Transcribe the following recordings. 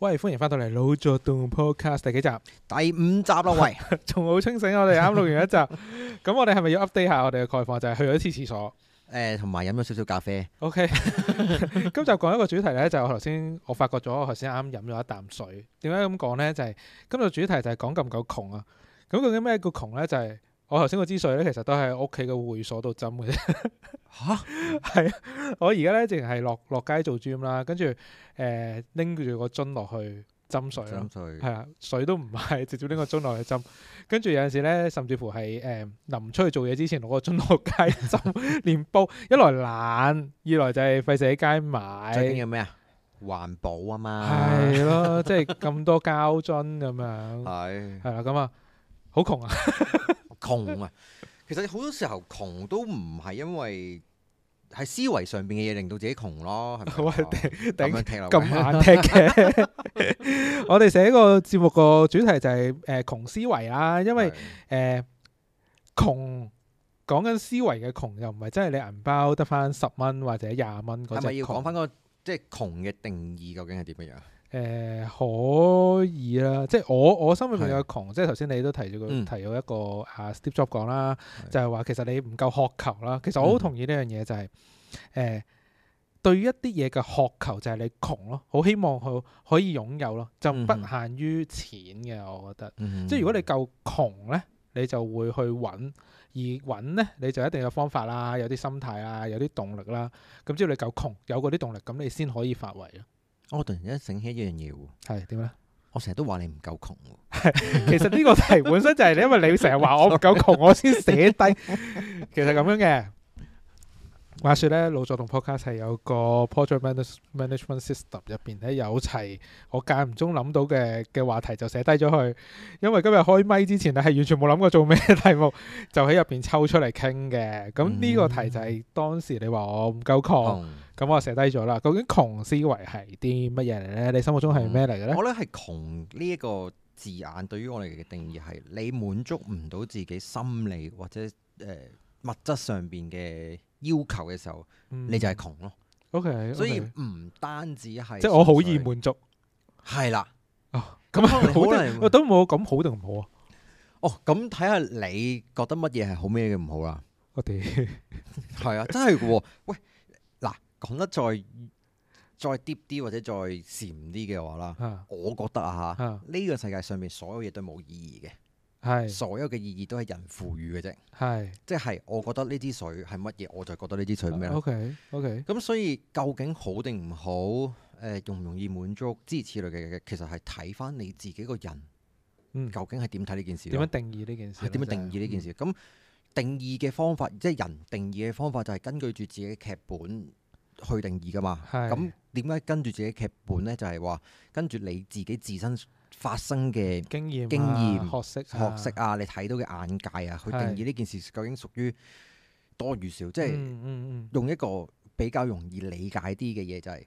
喂，歡迎翻到嚟《老作動 Podcast》第幾集？第五集咯，喂，仲好 清醒，我哋啱錄完一集，咁 我哋係咪要 update 下我哋嘅概況？就係、是、去咗一次廁所，誒、呃，同埋飲咗少少咖啡。O Okay K， 今集講一個主題咧，就係、是、我頭先我發覺咗，我頭先啱飲咗一啖水。點解咁講咧？就係、是、今日主題就係講夠唔夠窮啊！咁究竟咩叫窮咧？就係、是。我頭先個支水咧，其實都喺屋企嘅會所度斟嘅啫。嚇，係啊！我而家咧，淨係落落街做 gym 啦，跟住誒拎住個樽落去斟水咯。係啊水，水都唔係直接拎個樽落去斟。跟住有陣時咧，甚至乎係誒臨出去做嘢之前攞個樽落街斟。連 煲一來懶，二來就係費事喺街買。最緊要咩啊？環保啊嘛。係 咯，即係咁多膠樽咁樣。係係啦，咁啊 對，好窮啊！窮啊，其實好多時候窮都唔係因為喺思維上邊嘅嘢令到自己窮咯，係咪咁難踢嘅，一 我哋寫個節目個主題就係誒窮思維啦，因為誒窮講緊思維嘅窮，又唔係真係你銀包得翻十蚊或者廿蚊嗰隻，要講翻個即係窮嘅定義究竟係點樣？誒、呃、可以啦，即係我我心裏面嘅窮，的即係頭先你都提咗提咗一個，嗯、一個啊 Steve Jobs 講啦，的就係話其實你唔夠渴求啦。其實我好同意呢樣嘢就係、是、誒、嗯呃、對一啲嘢嘅渴求就係你窮咯，好希望佢可以擁有咯，就不限於錢嘅。我覺得，嗯、即係如果你夠窮咧，你就會去揾，而揾呢，你就一定有方法啦，有啲心態啊，有啲動力啦。咁只要你夠窮，有嗰啲動力，咁你先可以發圍。我突然間醒起一樣嘢喎，係點咧？我成日都話你唔夠窮，係其實呢個題本身就係你，因為你成日話我唔夠窮， 我先寫低，其實咁樣嘅。話說咧，老作同 podcast 係有個 project management system 入邊咧有齊，我間唔中諗到嘅嘅話題就寫低咗佢。因為今日開咪之前咧係完全冇諗過做咩題目，就喺入邊抽出嚟傾嘅。咁呢個題就係當時你話我唔夠窮，咁、嗯、我寫低咗啦。究竟窮思維係啲乜嘢嚟咧？你心目中係咩嚟嘅咧？我咧係窮呢一個字眼，對於我哋嘅定義係你滿足唔到自己心理或者誒、呃、物質上邊嘅。要求嘅時候、嗯、你就係窮咯，OK，, okay 所以唔單止係即係我、哦、我好易滿足，係啦，啊咁好多人，都冇咁好定唔好啊？哦，咁睇下你覺得乜嘢係好咩嘅唔好啦？我哋係啊，真係噶、哦，喂，嗱，講得再再 deep 啲或者再禪啲嘅話啦，啊、我覺得啊吓，呢、啊這個世界上面所有嘢都冇意義嘅。係，是所有嘅意義都係人賦予嘅啫。係是，即係我覺得呢支水係乜嘢？嗯、我就覺得呢支水咩 OK，OK。咁、嗯 okay, okay、所以究竟好定唔好？誒、呃，容唔容易滿足支持類嘅嘢，其實係睇翻你自己個人，嗯、究竟係點睇呢件事？點樣定義呢件事？點、就是嗯、樣定義呢件事？咁定義嘅方法，即係人定義嘅方法，就係根據住自己劇本去定義噶嘛。咁點解跟住自己劇本咧？就係話跟住你自己自身。發生嘅經驗、經驗、啊、學識、啊、學識啊，你睇到嘅眼界啊，去定義呢件事究竟屬於多與少，即係是用一個比較容易理解啲嘅嘢，就係、是、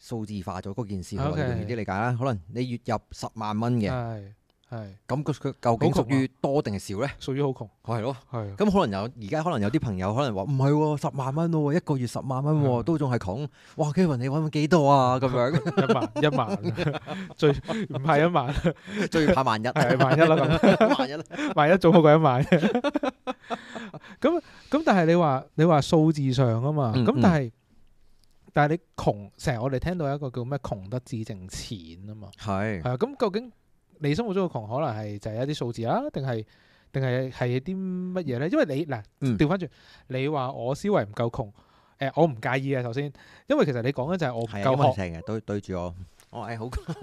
數字化咗嗰件事，啊、容易啲理解啦。啊、可能你月入十萬蚊嘅。係咁，個佢究竟屬於多定係少咧？屬於好窮，係咯，係。咁可能有而家可能有啲朋友可能話唔係喎，十萬蚊喎，一個月十萬蚊喎，都仲係窮。哇，Kevin，你揾唔幾多啊？咁樣一萬一萬，最唔係一萬，最怕萬一，係萬一啦，萬一，萬一總好過一萬。咁咁，但係你話你話數字上啊嘛，咁但係但係你窮，成日我哋聽到一個叫咩窮得只剩錢啊嘛，係係啊，咁究竟？你生活中嘅窮可能係就係一啲數字啦，定係定係係啲乜嘢咧？因為你嗱調返轉，你話我思維唔夠窮，誒、呃、我唔介意嘅。首先，因為其實你講嘅就係我唔夠學。嘅對對住我。哦哎、 我係好。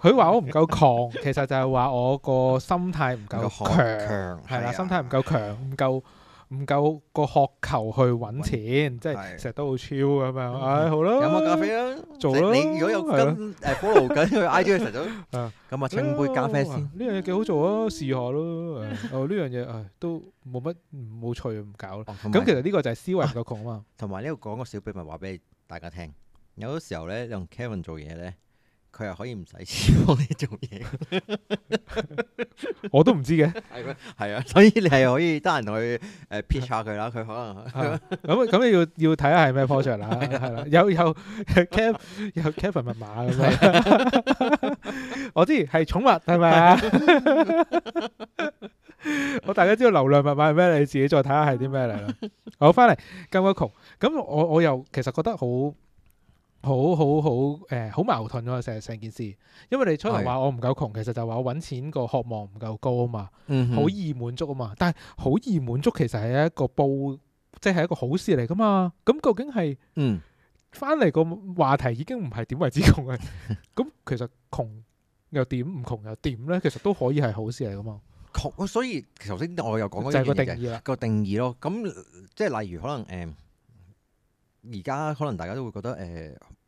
佢話我唔夠窮，其實就係話我個心態唔夠強，係啦，對啊、心態唔夠強，唔夠。唔夠個渴求去搵錢，是即係成日都好超咁樣，唉、哎，好咯，飲下咖啡啦，做啦吧。你如果有跟誒 follow 緊嘅 I G 嘅陳咁啊、哎，請 是、啊、杯咖啡先。呢樣嘢幾好做啊，試下咯。哦，呢樣嘢唉，都冇乜冇趣咁搞啦。咁其實呢個就係思維唔夠窮啊嘛。同埋呢度講個小秘密話俾大家聽，有啲時候咧用 Kevin 做嘢咧。佢又可以唔使錢幫你做嘢，我都唔知嘅，係咩？係啊，所以你係可以得閒去佢誒 pitch 下佢啦，佢可能咁咁你要要睇下係咩 project 啦，係啦，有有 Kevin 有 Kevin 密碼， 我知係寵物係咪啊？ 我大家知道流量密碼係咩？你自己再睇下係啲咩嚟啦。好，翻嚟咁阿窮，咁我我又其實覺得好。好好好，誒、呃，好矛盾啊，成成件事，因為你初頭話我唔夠窮，的其實就話我搵錢個渴望唔夠高啊嘛，好、嗯、哼易滿足啊嘛，但係好易滿足其實係一個寶，即、就、係、是、一個好事嚟噶嘛，咁究竟係，嗯，返嚟個話題已經唔係點為之窮啊，咁 其實窮又點，唔窮又點咧？其實都可以係好事嚟噶嘛，窮，所以頭先我又講咗一,一個定義個定義咯，咁即係例如可能誒。呃呃呃而家可能大家都會覺得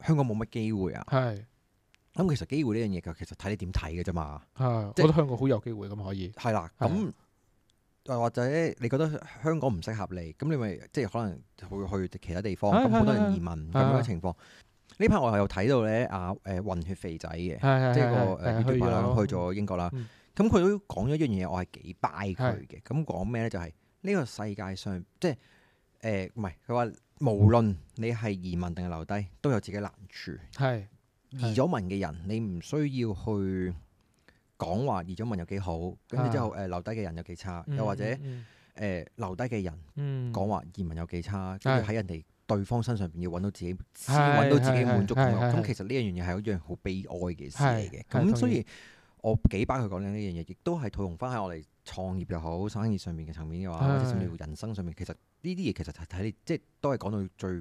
誒香港冇乜機會啊！係咁，其實機會呢樣嘢嘅，其實睇你點睇嘅啫嘛。即係，覺得香港好有機會咁可以。係啦，咁或者你覺得香港唔適合你，咁你咪即係可能會去其他地方。咁好多人移民咁樣嘅情況。呢排我有睇到咧啊誒混血肥仔嘅，即係個誒 YouTuber 去咗英國啦。咁佢都講咗一樣嘢，我係幾拜佢嘅。咁講咩咧？就係呢個世界上即係誒唔係佢話。無論你係移民定係留低，都有自己難處。係移咗民嘅人，你唔需要去講話移咗民有幾好，跟住之後誒留低嘅人有幾差，又或者誒留低嘅人講話移民有幾差，跟住喺人哋對方身上邊，要揾到自己先揾到自己滿足感。咁其實呢一樣嘢係一樣好悲哀嘅事嚟嘅。咁所以我幾巴佢講緊呢樣嘢，亦都係套用翻喺我哋創業又好、生意上面嘅層面嘅話，或者甚至乎人生上面，其實。呢啲嘢其實睇睇你，即係都係講到最，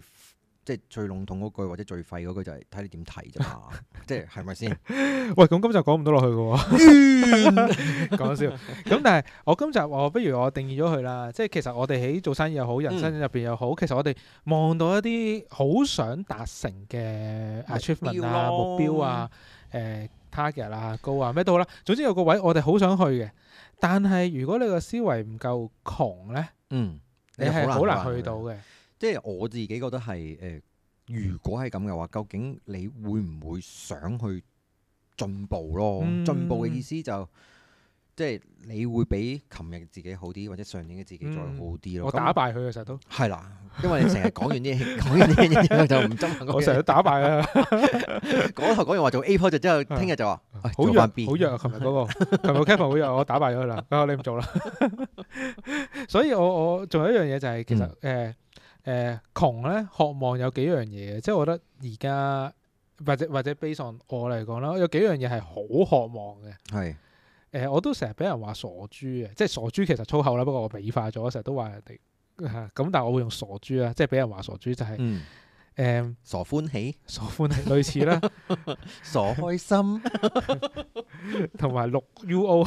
即係最籠統嗰句或者最廢嗰句就係睇你點睇啫嘛，即係係咪先？是是喂，咁今集講唔到落去嘅喎，講， 笑。咁但係我今集我不如我定義咗佢啦，即係其實我哋喺做生意又好，人生入邊又好，其實我哋望到一啲好想達成嘅 achievement 啊、目標啊、誒 target 啊、高啊，咩、啊啊、都好啦。總之有個位我哋好想去嘅，但係如果你個思維唔夠窮咧，嗯。你好難， 難去到嘅，即係我自己覺得係誒、呃，如果係咁嘅話，究竟你會唔會想去進步咯？嗯、進步嘅意思就係、～即係你會比琴日自己好啲，或者上年嘅自己再好啲咯。我打敗佢嘅時候都係啦，因為你成日講完啲講完啲嘢就唔針。我成日都打敗啊！講台講完話做 a p p l 就之後，聽日就話好弱，好弱。琴日嗰個琴日 Kevin 好弱，我打敗咗佢啦。啊，你唔做啦。所以我我仲有一樣嘢就係其實誒誒窮咧，渴望有幾樣嘢，即係我覺得而家或者或者悲喪我嚟講啦，有幾樣嘢係好渴望嘅。係。誒、呃，我都成日俾人話傻豬啊，即係傻豬其實粗口啦，不過我美化咗，成日都話人哋咁、啊，但係我會用傻豬啊，即係俾人話傻豬就係、是、誒、嗯呃、傻歡喜，傻歡喜類似啦， 傻開心，同埋六 UO，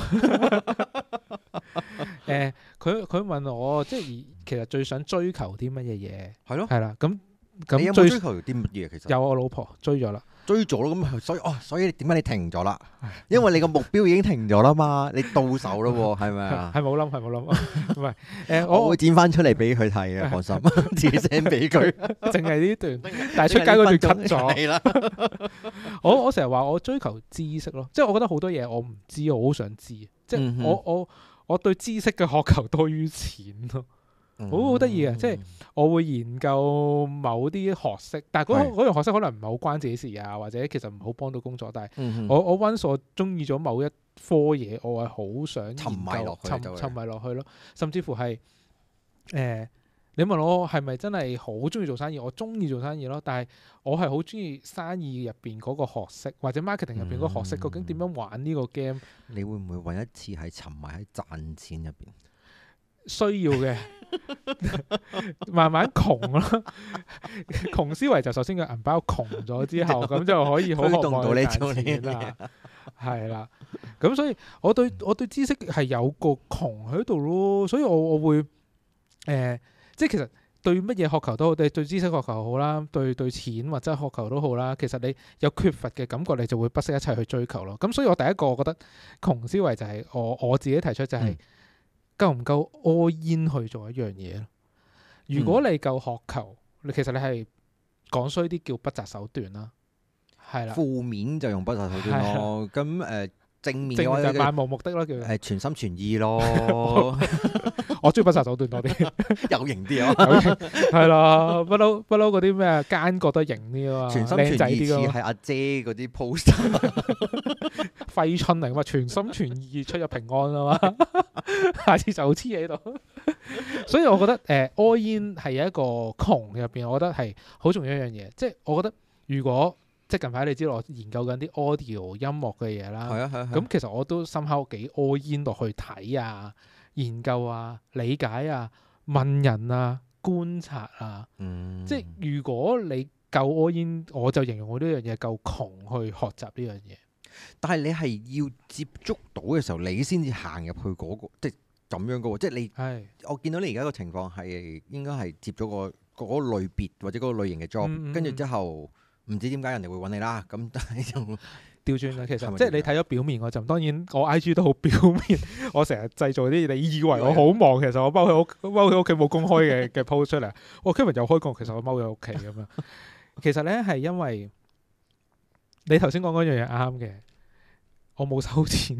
誒，佢佢問我即係其實最想追求啲乜嘢嘢？係咯的，係啦，咁。咁追求啲乜嘢其實？有我老婆追咗啦，追咗咯。咁所以哦，所以點解你停咗啦？因為你個目標已經停咗啦嘛，你到手啦，係咪啊？係冇諗，係冇諗。唔係誒，呃、我會剪翻出嚟俾佢睇，放心，森，剪聲俾佢。淨係呢段，但係出街嗰段 cut 咗啦。我我成日話我追求知識咯，即係我覺得好多嘢我唔知，我好想知，即係、嗯、哼 我我我對知識嘅渴求多於錢咯。好好得意嘅，即係我會研究某啲學識。嗯、但係嗰嗰樣學識可能唔係好關自己事啊，或者其實唔好幫到工作。但係我、嗯、我温所中意咗某一科嘢，我係好想沉迷落沉，沉迷落去咯，甚至乎係誒、呃，你問我係咪真係好中意做生意？我中意做生意咯，但係我係好中意生意入邊嗰個學識，或者 marketing 入邊嗰個學識，嗯、究竟點樣玩呢個 game？你會唔會揾一次係沉迷喺賺錢入邊？需要嘅， 慢慢窮咯， 窮思維就首先個銀包窮咗之後，咁 就可以好動到你種嘢啦，係啦。咁所以，我對我對知識係有個窮喺度咯，所以我我會誒、呃，即係其實對乜嘢渴求都好，對對知識渴求好啦，對對錢或者渴求都好啦。其實你有缺乏嘅感覺，你就會不惜一切去追求咯。咁所以我第一個我覺得窮思維就係我我，我自己提出就係。嗯夠唔夠 all in 去做一樣嘢？如果你夠渴求，你、嗯、其實你係講衰啲叫不擇手段啦，係啦，負面就用不擇手段咯。咁誒的。哦正面就漫無目的咯，叫係全心全意咯 我， 我中意不殺手段多啲， 有型啲啊，係啦，不嬲不嬲嗰啲咩奸覺得型啲啊嘛，僆仔啲啊嘛，係阿姐嗰啲 pose，廢春嚟噶嘛，全心全意出入平安啊嘛， 下次就黐喺度。 所以我覺得誒、呃、all in 係有一個窮入邊，我覺得係好重要一樣嘢，即係我覺得如果。即近排你知我研究緊啲 audio 音樂嘅嘢啦。咁 其實我都深刻幾 all in 落去睇啊、研究啊、理解啊、問人啊、觀察啊。嗯、即如果你夠 all in，我就形容我呢樣嘢夠窮去學習呢樣嘢。但係你係要接觸到嘅時候，你先至行入去嗰、嗰個，即係咁樣嘅喎。即係你係的我見到你而家個情況係應該係接咗個嗰個類別或者嗰個類型嘅 job，跟住之後。唔知點解人哋會揾你啦，咁但係調轉啦。其實是是即係你睇咗表面嗰陣，當然我 IG 都好表面。我成日製造啲你以為我好忙，其實我踎喺屋踎喺屋企冇公開嘅嘅 post 出嚟。我 Kevin 又開講，其實我踎喺屋企咁樣。其實呢係因為你頭先講嗰樣嘢啱嘅，我冇收錢。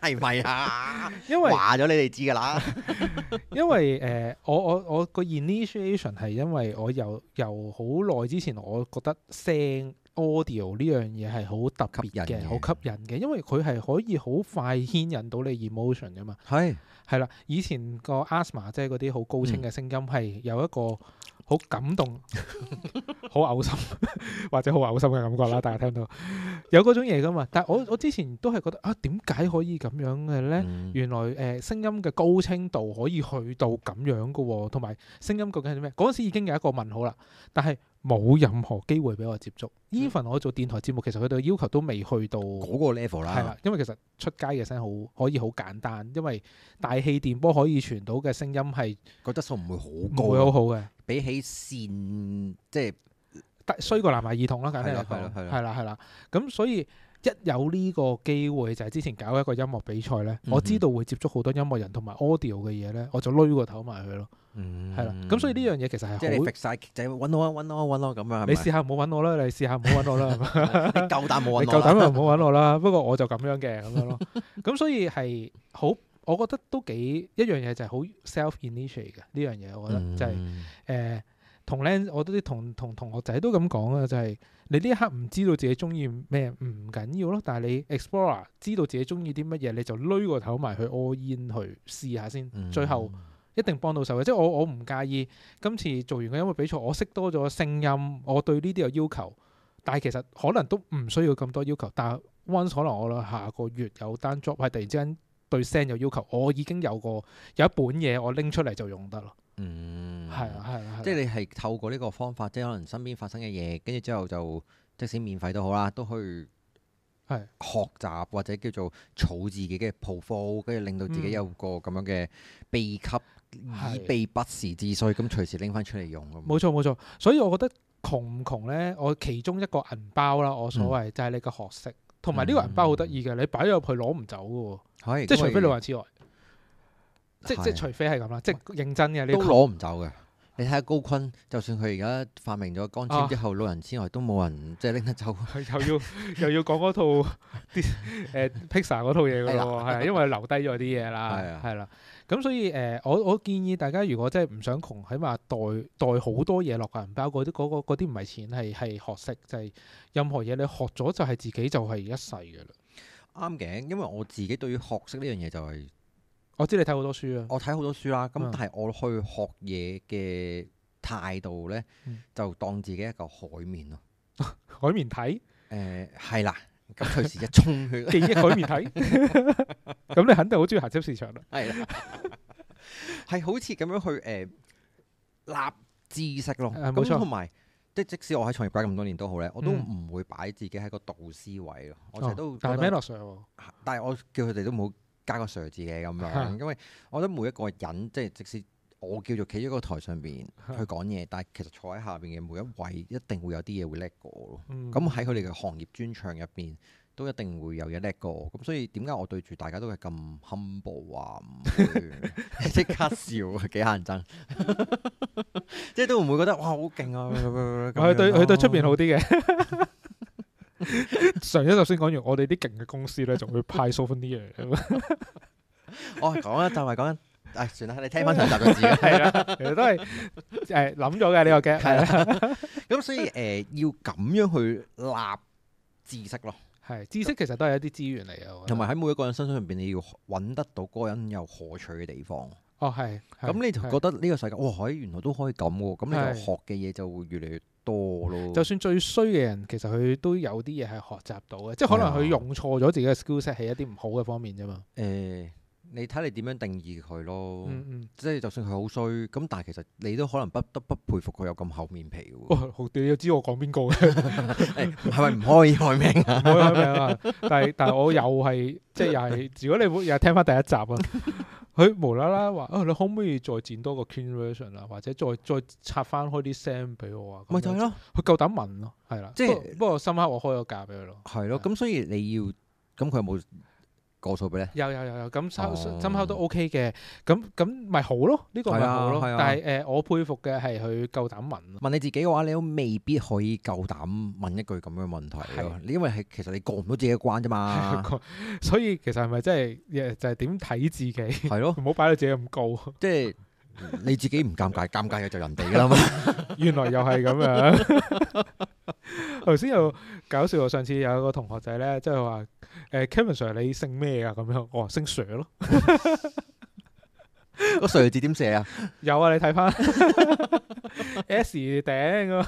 係咪 啊？ 因為話咗你哋知噶啦。 因為誒、呃，我我我個 initiation 係因為我由由好耐之前，我覺得聲 audio 呢樣嘢係好特別嘅，好吸引嘅。因為佢係可以好快牽引到你的 emotion 噶嘛。係係啦，以前個 ASMR 即係嗰啲好高清嘅聲音係、嗯、有一個。好感動，好嘔 心或者好嘔心嘅感覺啦，大家聽到有嗰種嘢噶嘛？但係我我之前都係覺得啊，點解可以咁樣嘅呢？嗯、原來誒，聲、呃、音嘅高清度可以去到咁樣噶、哦，同埋聲音究竟係咩？嗰陣時已經有一個問號啦，但係冇任何機會俾我接觸 even 我做電台節目，其實佢哋要求都未去到嗰個 level 啦。係啦，因為其實出街嘅聲好可以好簡單，因為大氣電波可以傳到嘅聲音係個質素唔會好高，會好好嘅。比起善即係衰過藍牙耳筒啦，梗係啦，係啦，係啦，係咁、嗯、所以一有呢個機會就係、是、之前搞一個音樂比賽咧，嗯、我知道會接觸好多音樂人同埋 audio 嘅嘢咧，我就攞個頭埋去咯，係啦、嗯，咁所以呢樣嘢其實係好晒，就咁、是、啊，啊，啊， 啊！你試下唔好搵我啦、啊， 你試下唔好搵我啦、啊，你夠膽冇就唔好搵我啦、啊。不過我就咁樣嘅咁樣咯，咁 所以係好。我覺得都幾一樣嘢就係好 self-initiate 嘅呢樣嘢，嗯、我覺得就係、是、誒、呃、同咧，我都同同同學仔都咁講啊，就係、是、你呢一刻唔知道自己中意咩唔緊要咯，但係你 explore 知道自己中意啲乜嘢，你就擂個頭埋去 all in 去試下先，嗯、最後一定幫到手嘅。即係、嗯、我我唔介意今次做完嘅音樂比賽，我識多咗聲音，我對呢啲有要求，但係其實可能都唔需要咁多要求。但係 once 可能我下個月有單 job 係突然之間。對聲又要求，我已經有個有一本嘢，我拎出嚟就用得咯。嗯，係啊，係啊，即係你係透過呢個方法，即係可能身邊發生嘅嘢，跟住之後就即使免費都好啦，都去係學習或者叫做儲自己嘅鋪貨，跟住令到自己有個咁樣嘅秘笈，嗯、以備不時之需，咁隨、啊、時拎翻出嚟用。冇錯，冇錯，所以我覺得窮唔窮呢？我其中一個銀包啦，我所謂就係你個學識。嗯同埋呢個銀包好得意嘅，你擺咗入去攞唔走嘅喎，即係除非老人之外，即即係除非係咁啦，即係認真嘅你都攞唔走嘅。你睇下高坤，就算佢而家發明咗鋼纖之後，老人之外都冇人即係拎得走。又要又要講嗰套啲 Pizza 嗰套嘢嘅咯，係因為留低咗啲嘢啦，係啦。咁所以誒、呃，我我建議大家，如果真係唔想窮，起碼袋袋好多嘢落、個銀包。嗰啲嗰啲唔係錢，係係學識，就係、是、任何嘢你學咗就係、是、自己就係一世嘅啦。啱嘅，因為我自己對於學識呢樣嘢就係、是，我知你睇好多書啊，我睇好多書啦。咁但係我去學嘢嘅態度呢，嗯、就當自己一個海綿咯。 海綿體體？誒、呃，係啦。咁佢時一衝去 記憶改面睇，咁 你肯定好中意行濕市場啦。係 啦，係好似咁樣去誒立知識咯。誒冇、啊、錯，同埋即即使我喺創業界咁多年都好咧，我都唔會擺自己喺個導師位咯。我成日都、哦、都但係落上？但係我叫佢哋都冇加個「Sir」字嘅咁樣，的因為我覺得每一個人即係即使。我叫做企喺個台上邊去講嘢，但係其實坐喺下邊嘅每一位一定會有啲嘢會叻過我咯。咁喺佢哋嘅行業專長入邊，都一定會有嘢叻過。咁所以點解我對住大家都係咁 humble 啊？即刻笑，幾乞人憎。即係都唔會覺得哇好勁啊！佢對佢對出邊好啲嘅。上一集先講完，我哋啲勁嘅公司咧就會派 souvenir 啲嘢。我講一陣話講緊。誒、哎，算啦，你聽翻上集嘅字啦。係啦， 其實都係誒諗咗嘅呢個 game。係啦的，咁 所以誒、呃、要咁樣去立知識咯。係，知識其實都係一啲資源嚟嘅。同埋喺每一個人身上入邊，你要揾得到嗰個人有可取嘅地方。哦，係。咁你就覺得呢個世界，哇的、哦，原來都可以咁嘅，咁你就學嘅嘢就會越嚟越多咯。就算最衰嘅人，其實佢都有啲嘢係學習到嘅，即係可能佢用錯咗自己嘅 skill set 喺一啲唔好嘅方面啫嘛。誒。呃你睇你點樣定義佢咯，即係就算佢好衰，咁但係其實你都可能不得不佩服佢有咁厚面皮嘅喎。你要知我講邊個？係咪唔可以開名？唔可以開名啊！但係但係我又係即係又係，如果你會又係聽翻第一集啊，佢無啦啦話啊，你可唔可以再剪多個 version 啊，或者再再拆翻開啲聲俾我啊？咪就係咯，佢夠膽問咯，係啦，即係不過深刻我開咗價俾佢咯。係咯，咁所以你要咁佢有冇？過數俾咧，有有有有，咁針口都 O K 嘅，咁咁咪好咯，呢個咪好咯，但係誒，我佩服嘅係佢夠膽問。問你自己嘅話，你都未必可以夠膽問一句咁嘅問題你的因為係其實你過唔到自己嘅關啫嘛。所以其實係咪真係就係點睇自己？係咯的，唔好擺到自己咁高。即係。你自己唔尷尬，尷尬嘅就人哋㗎啦嘛。 原來又係咁樣。頭 先又搞笑，上次有個同學仔咧，即係話，誒，Kevin Sir，你姓咩啊？咁樣，我話姓 Sir 咯。個 Sir 字點寫啊？有啊，你睇翻 S 頂，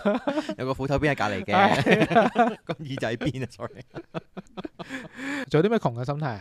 有個斧頭邊喺隔籬嘅，個耳仔邊啊，sorry。仲有啲咩窮嘅心態？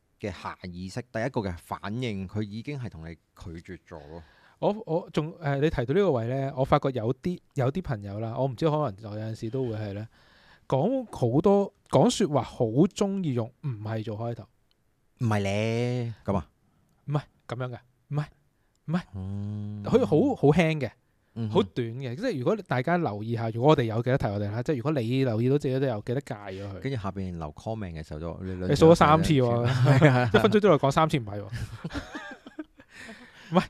嘅下意識，第一個嘅反應，佢已經係同你拒絕咗咯。我我仲誒，你提到呢個位咧，我發覺有啲有啲朋友啦，我唔知可能就有陣時都會係咧講好多講説話，好鍾意用唔係做開頭，唔係咧咁啊，唔係咁樣嘅，唔係唔係，佢好好輕嘅。好、嗯、短嘅，即係如果大家留意下，如果我哋有幾多題我哋咧，即係如果你留意到自己都有幾多介咗佢，跟住下邊留 comment 嘅時候，就你數咗三次、啊，一分鐘之內講三次千米，唔係 嗎，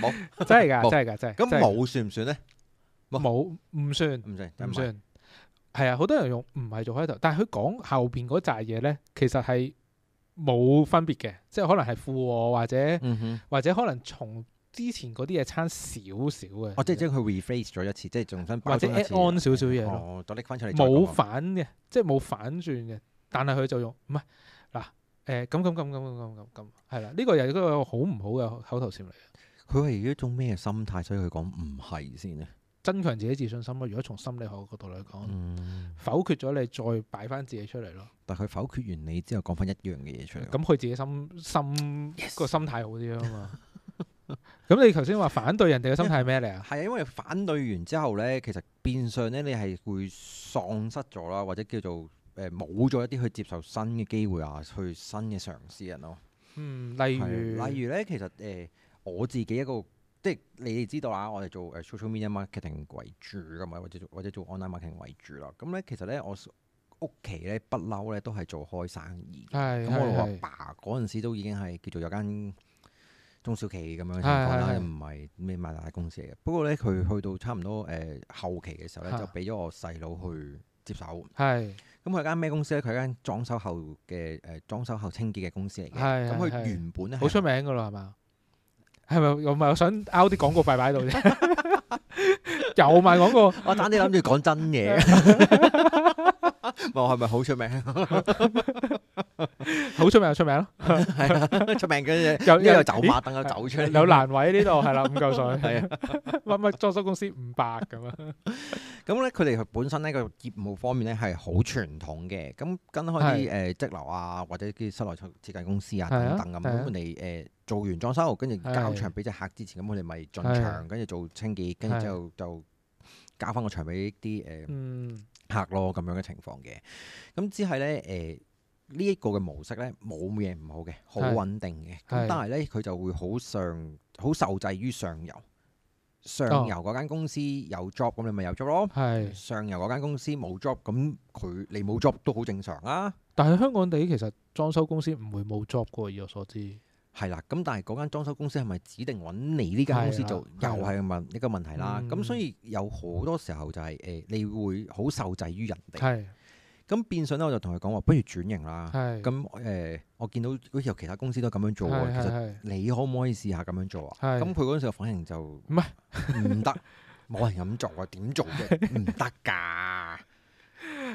冇， 真係噶，真係噶，真係。咁冇算唔算咧？冇，唔算，唔算，唔算。係啊，好多人用，唔係做開頭，但係佢講後邊嗰扎嘢咧，其實係冇分別嘅，即係可能係副卧或者，嗯、哼 或者可能從。之前嗰啲嘢差少少嘅，哦，即係將佢 reface 咗一次，即係重新包裝一次，或者 add on 少少嘢咯。再搦翻出嚟冇反嘅，即係冇反轉嘅，但係佢就用唔係嗱，誒咁咁咁咁咁咁咁係啦。呢個又係一個好唔好嘅口頭禪嚟啊！佢係一種咩心態？所以佢講唔係先咧？增強自己自信心咯。如果從心理學角度嚟講，否決咗你，再擺翻自己出嚟咯。但係佢否決完你之後，講翻一樣嘅嘢出嚟。咁佢自己心心個心態好啲啊嘛～咁 你頭先話反對人哋嘅心態係咩嚟啊？係啊，因為反對完之後咧，其實變相咧，你係會喪失咗啦，或者叫做誒冇咗一啲去接受新嘅機會啊，去新嘅嘗試人咯。嗯，例如例如咧，其實誒、呃、我自己一個即係你哋知道啊，我哋做誒 social media marketing 為主噶嘛，或者做或者做 online marketing 為主啦。咁咧，其實咧我屋企咧不嬲咧都係做開生意嘅。咁我阿爸嗰陣時都已經係叫做有間。中小企咁樣嘅情況啦，又唔係咩大公司嘅。不過咧，佢去到差唔多誒後期嘅時候咧，就俾咗我細佬去接手。係。咁佢間咩公司咧？佢係間裝修後嘅誒裝修後清潔嘅公司嚟嘅。咁佢是原本咧，好出名噶啦，係嘛？係咪？唔係，我想 Out 啲廣告擺擺度啫。又賣廣告， 我等你諗住講真嘢。我係咪好出名？ 好出名啊！出名咯，出名嗰隻有有走馬燈有走出嚟，有難位呢度係啦，五嚿水係啊，唔係唔裝修公司五百咁啊？咁咧，佢哋本身呢個業務方面咧係好傳統嘅，咁跟開啲誒積樓啊，或者啲室內設設計公司啊等等咁，咁你誒做完裝修，跟住交場俾隻客之前，咁我哋咪進場，跟住做清潔，跟住之後就交翻個場俾啲誒客咯，咁樣嘅情況嘅。咁之係咧誒。呢一個嘅模式呢，冇咩唔好嘅，好穩定嘅。咁是但係呢，佢就會好上，好受制於上游。上游嗰間公司有 job，咁你咪有 job 咯。係是上游嗰間公司冇 job，咁佢你冇 job 都好正常啊。但係香港地其實裝修公司唔會冇 job 過，以我所知。係啦，咁但係嗰間裝修公司係咪指定揾你呢間公司做？的的又係問一個問題啦。咁、嗯、所以有好多時候就係、是、誒，你會好受制於人哋。咁變相咧，我就同佢講話，不如轉型啦。咁誒，我見到好似有其他公司都咁樣做喎。其實你可唔可以試下咁樣做啊？咁佢嗰陣時候，反應就唔係唔得，冇人咁做啊？點做啫？唔得㗎？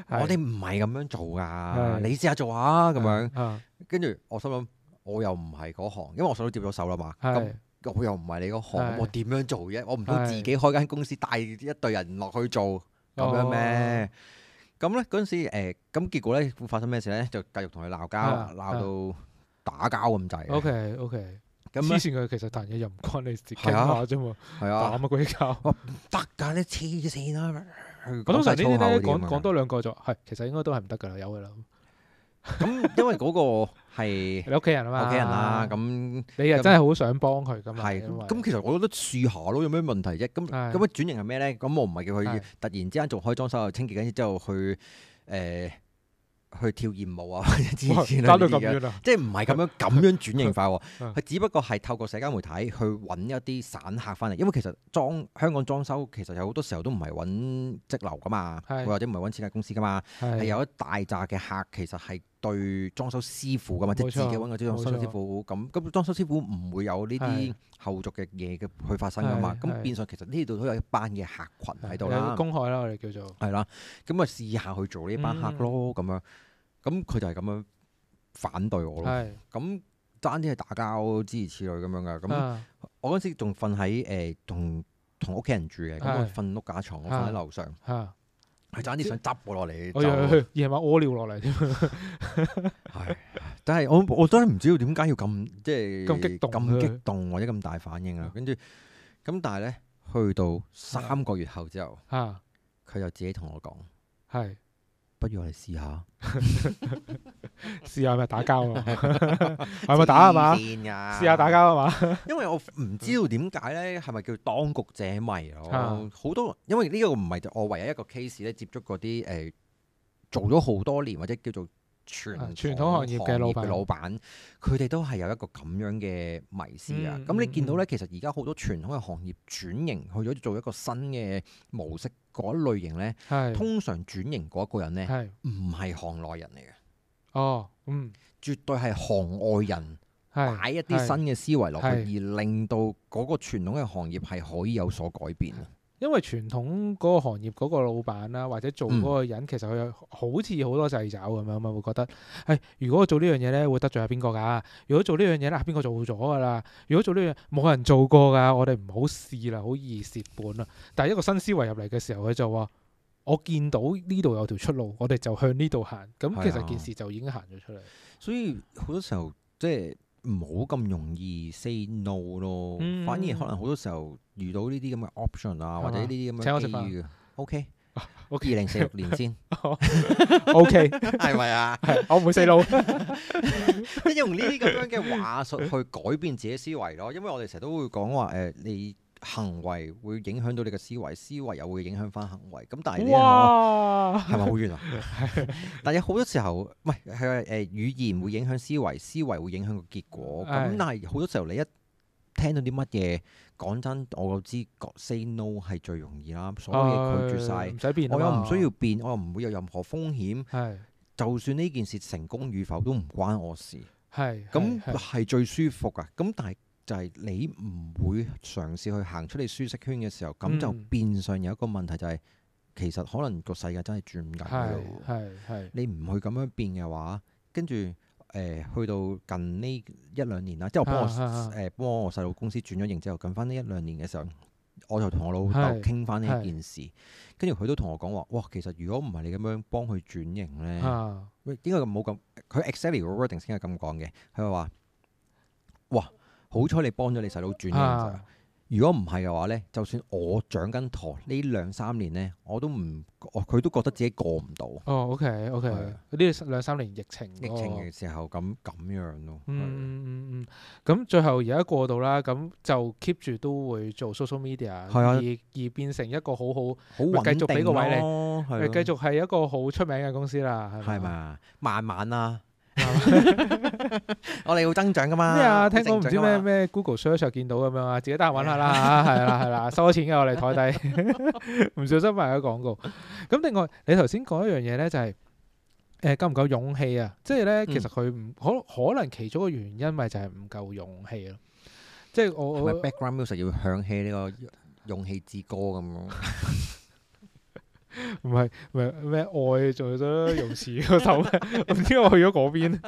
我哋唔係咁樣做㗎。你試下做啊！咁樣，跟住我心諗，我又唔係嗰行，因為我手都接咗手啦嘛。咁我又唔係你嗰行，我點樣做啫？我唔通自己開間公司，帶一隊人落去做咁樣咩？咁咧嗰陣時，誒、欸、咁結果咧，會發生咩事咧？就繼續同佢鬧交，鬧 Yeah, yeah. 到打交咁滯。O K O K，咁黐線佢，其實彈嘢又唔關你事，傾下啫嘛。係啊，乜鬼交唔得㗎，你黐線啊！我通常呢啲咧講講多兩個就係其實應該都係唔得㗎啦，有㗎啦。咁因為嗰個係你屋企人啊嘛，屋企人啦，咁你又真係好想幫佢㗎嘛？咁，其實我覺得試下咯，有咩問題啫？咁咁樣轉型係咩咧？咁我唔係叫佢突然之間做開裝修清潔嗰啲之後去誒去跳艷舞啊之類，即係唔係咁樣咁樣轉型法？佢只不過係透過社交媒體去揾一啲散客返嚟，因為其實裝香港裝修其實有好多時候都唔係揾則樓㗎嘛，或者唔係揾設計公司㗎嘛，係有一大扎嘅客其實係。去裝修師傅噶嘛，錯即係自己搵個裝修師傅咁，咁裝修師傅唔會有呢啲後續嘅嘢嘅去發生噶嘛？咁變相其實呢度都有一班嘅客群喺度啦，公開啦，我哋叫做係啦，咁啊試下去做呢班客咯，咁、嗯、樣，咁佢就係咁樣反對我咯，咁爭啲係打交諸如此類咁樣噶。咁我嗰時仲瞓喺誒同同屋企人住嘅，咁是我瞓碌架床，我瞓喺樓上。爭啲想執我落嚟，夜晚屙尿落嚟添。係、嗯嗯， 但係我我真係唔知道點解要咁即係咁激動，咁激動或者咁大反應啦。跟住咁，嗯、但係咧，去到三個月後之後，佢、啊、就自己同我講，係、啊。啊 不如我哋試下，試下咪打交咯，係咪打啊嘛？試下打交啊嘛？ 因為我唔知道點解咧，係咪叫當局者迷咯？好多因為呢個唔係我唯一一個 case 咧，接觸嗰啲誒做咗好多年或者叫做傳傳、啊、統行業嘅老嘅老闆，佢哋都係有一個咁樣嘅迷思啊、嗯！咁、嗯嗯、你見到咧，其實而家好多傳統嘅行業轉型去咗做一個新嘅模式。嗰一類型呢，是的 通常轉型嗰一個人呢，唔係是的 行內人嚟嘅。哦，嗯，絕對係行外人擺是的 一啲新嘅思維落去，是的 而令到嗰個傳統嘅行業係可以有所改變。因為傳統嗰個行業嗰個老闆啦、啊，或者做嗰個人，嗯、其實佢好似好多掣肘咁樣嘛，會覺得係、哎、如果我做呢樣嘢咧，會得罪下邊個噶？如果做呢樣嘢咧，邊個做咗噶啦？如果做呢樣冇人做過噶，我哋唔好試啦，好易蝕本啊！但係一個新思維入嚟嘅時候，佢就話我見到呢度有條出路，我哋就向呢度行。咁其實件事就已經行咗出嚟、啊。所以好多時候即係。唔好咁容易 say no 咯，嗯、反而可能好多時候遇到呢啲咁嘅 option 啊，嗎或者呢啲咁嘅，請我食飯 OK，OK 二零四六年先 ，OK，係咪 啊？我唔會 say no，用呢啲咁樣嘅話術去改變自己思維咯，因為我哋成日都會講話誒你，行為會影響到你嘅思維，思維又會影響返行為。咁但係呢個係咪好遠啊？ 但係好多時候，唔係係誒語言會影響思維，思維會影響個結果。咁的但係好多時候你一聽到啲乜嘢，講真，我就知 say no 係最容易啦，所有嘢拒絕晒，啊、我又唔需、啊、需要變，我又唔會有任何風險。的就算呢件事成功與否都唔關我事。係，咁係最舒服㗎。咁但係。就係你唔會嘗試去行出你舒適圈嘅時候，咁就變相有一個問題，就是，就係其實可能個世界真係轉緊嘅路。你唔去咁樣變嘅話，跟住、呃、去到近呢一兩年啦，即係我幫我誒、呃、幫我細路公司轉咗型之後，近翻呢一兩年嘅時候，我就同我老豆傾翻呢件事，跟住佢都同我講話，哇，其實如果唔係你咁樣幫佢轉型呢，應該冇咁佢 e x c e l e r a t 先係咁講嘅。佢話哇～好彩你幫咗你細佬轉型。如果唔係嘅話呢，就算我掌緊舵呢兩三年呢，我都唔，佢都覺得自己過唔到。哦，OK，OK，呢兩三年疫情疫情嘅時候咁咁樣咯。咁最後而家過到啦，咁就 keep 住都會做 social media，而而變成一個好好好穩定嘅俾個位你，係繼續係一個好出名嘅公司啦，係咪？慢慢啦。 我哋要增長噶嘛？咩啊 Yeah,？聽講唔知咩咩 Google Search 見到咁樣啊， 自己得閒揾下啦吓，係 啦係啦,啦，收咗錢嘅 我哋台底，唔小心賣咗廣告。咁另外，你頭先講一樣嘢咧，就係誒夠唔夠勇氣啊？即係咧，其實佢唔可可能其中嘅原因咪就係唔夠勇氣咯。即係我 background music 要響起呢個勇氣之歌咁樣。 唔係，唔係咩愛做咗勇士嗰頭咩？唔知我去咗嗰邊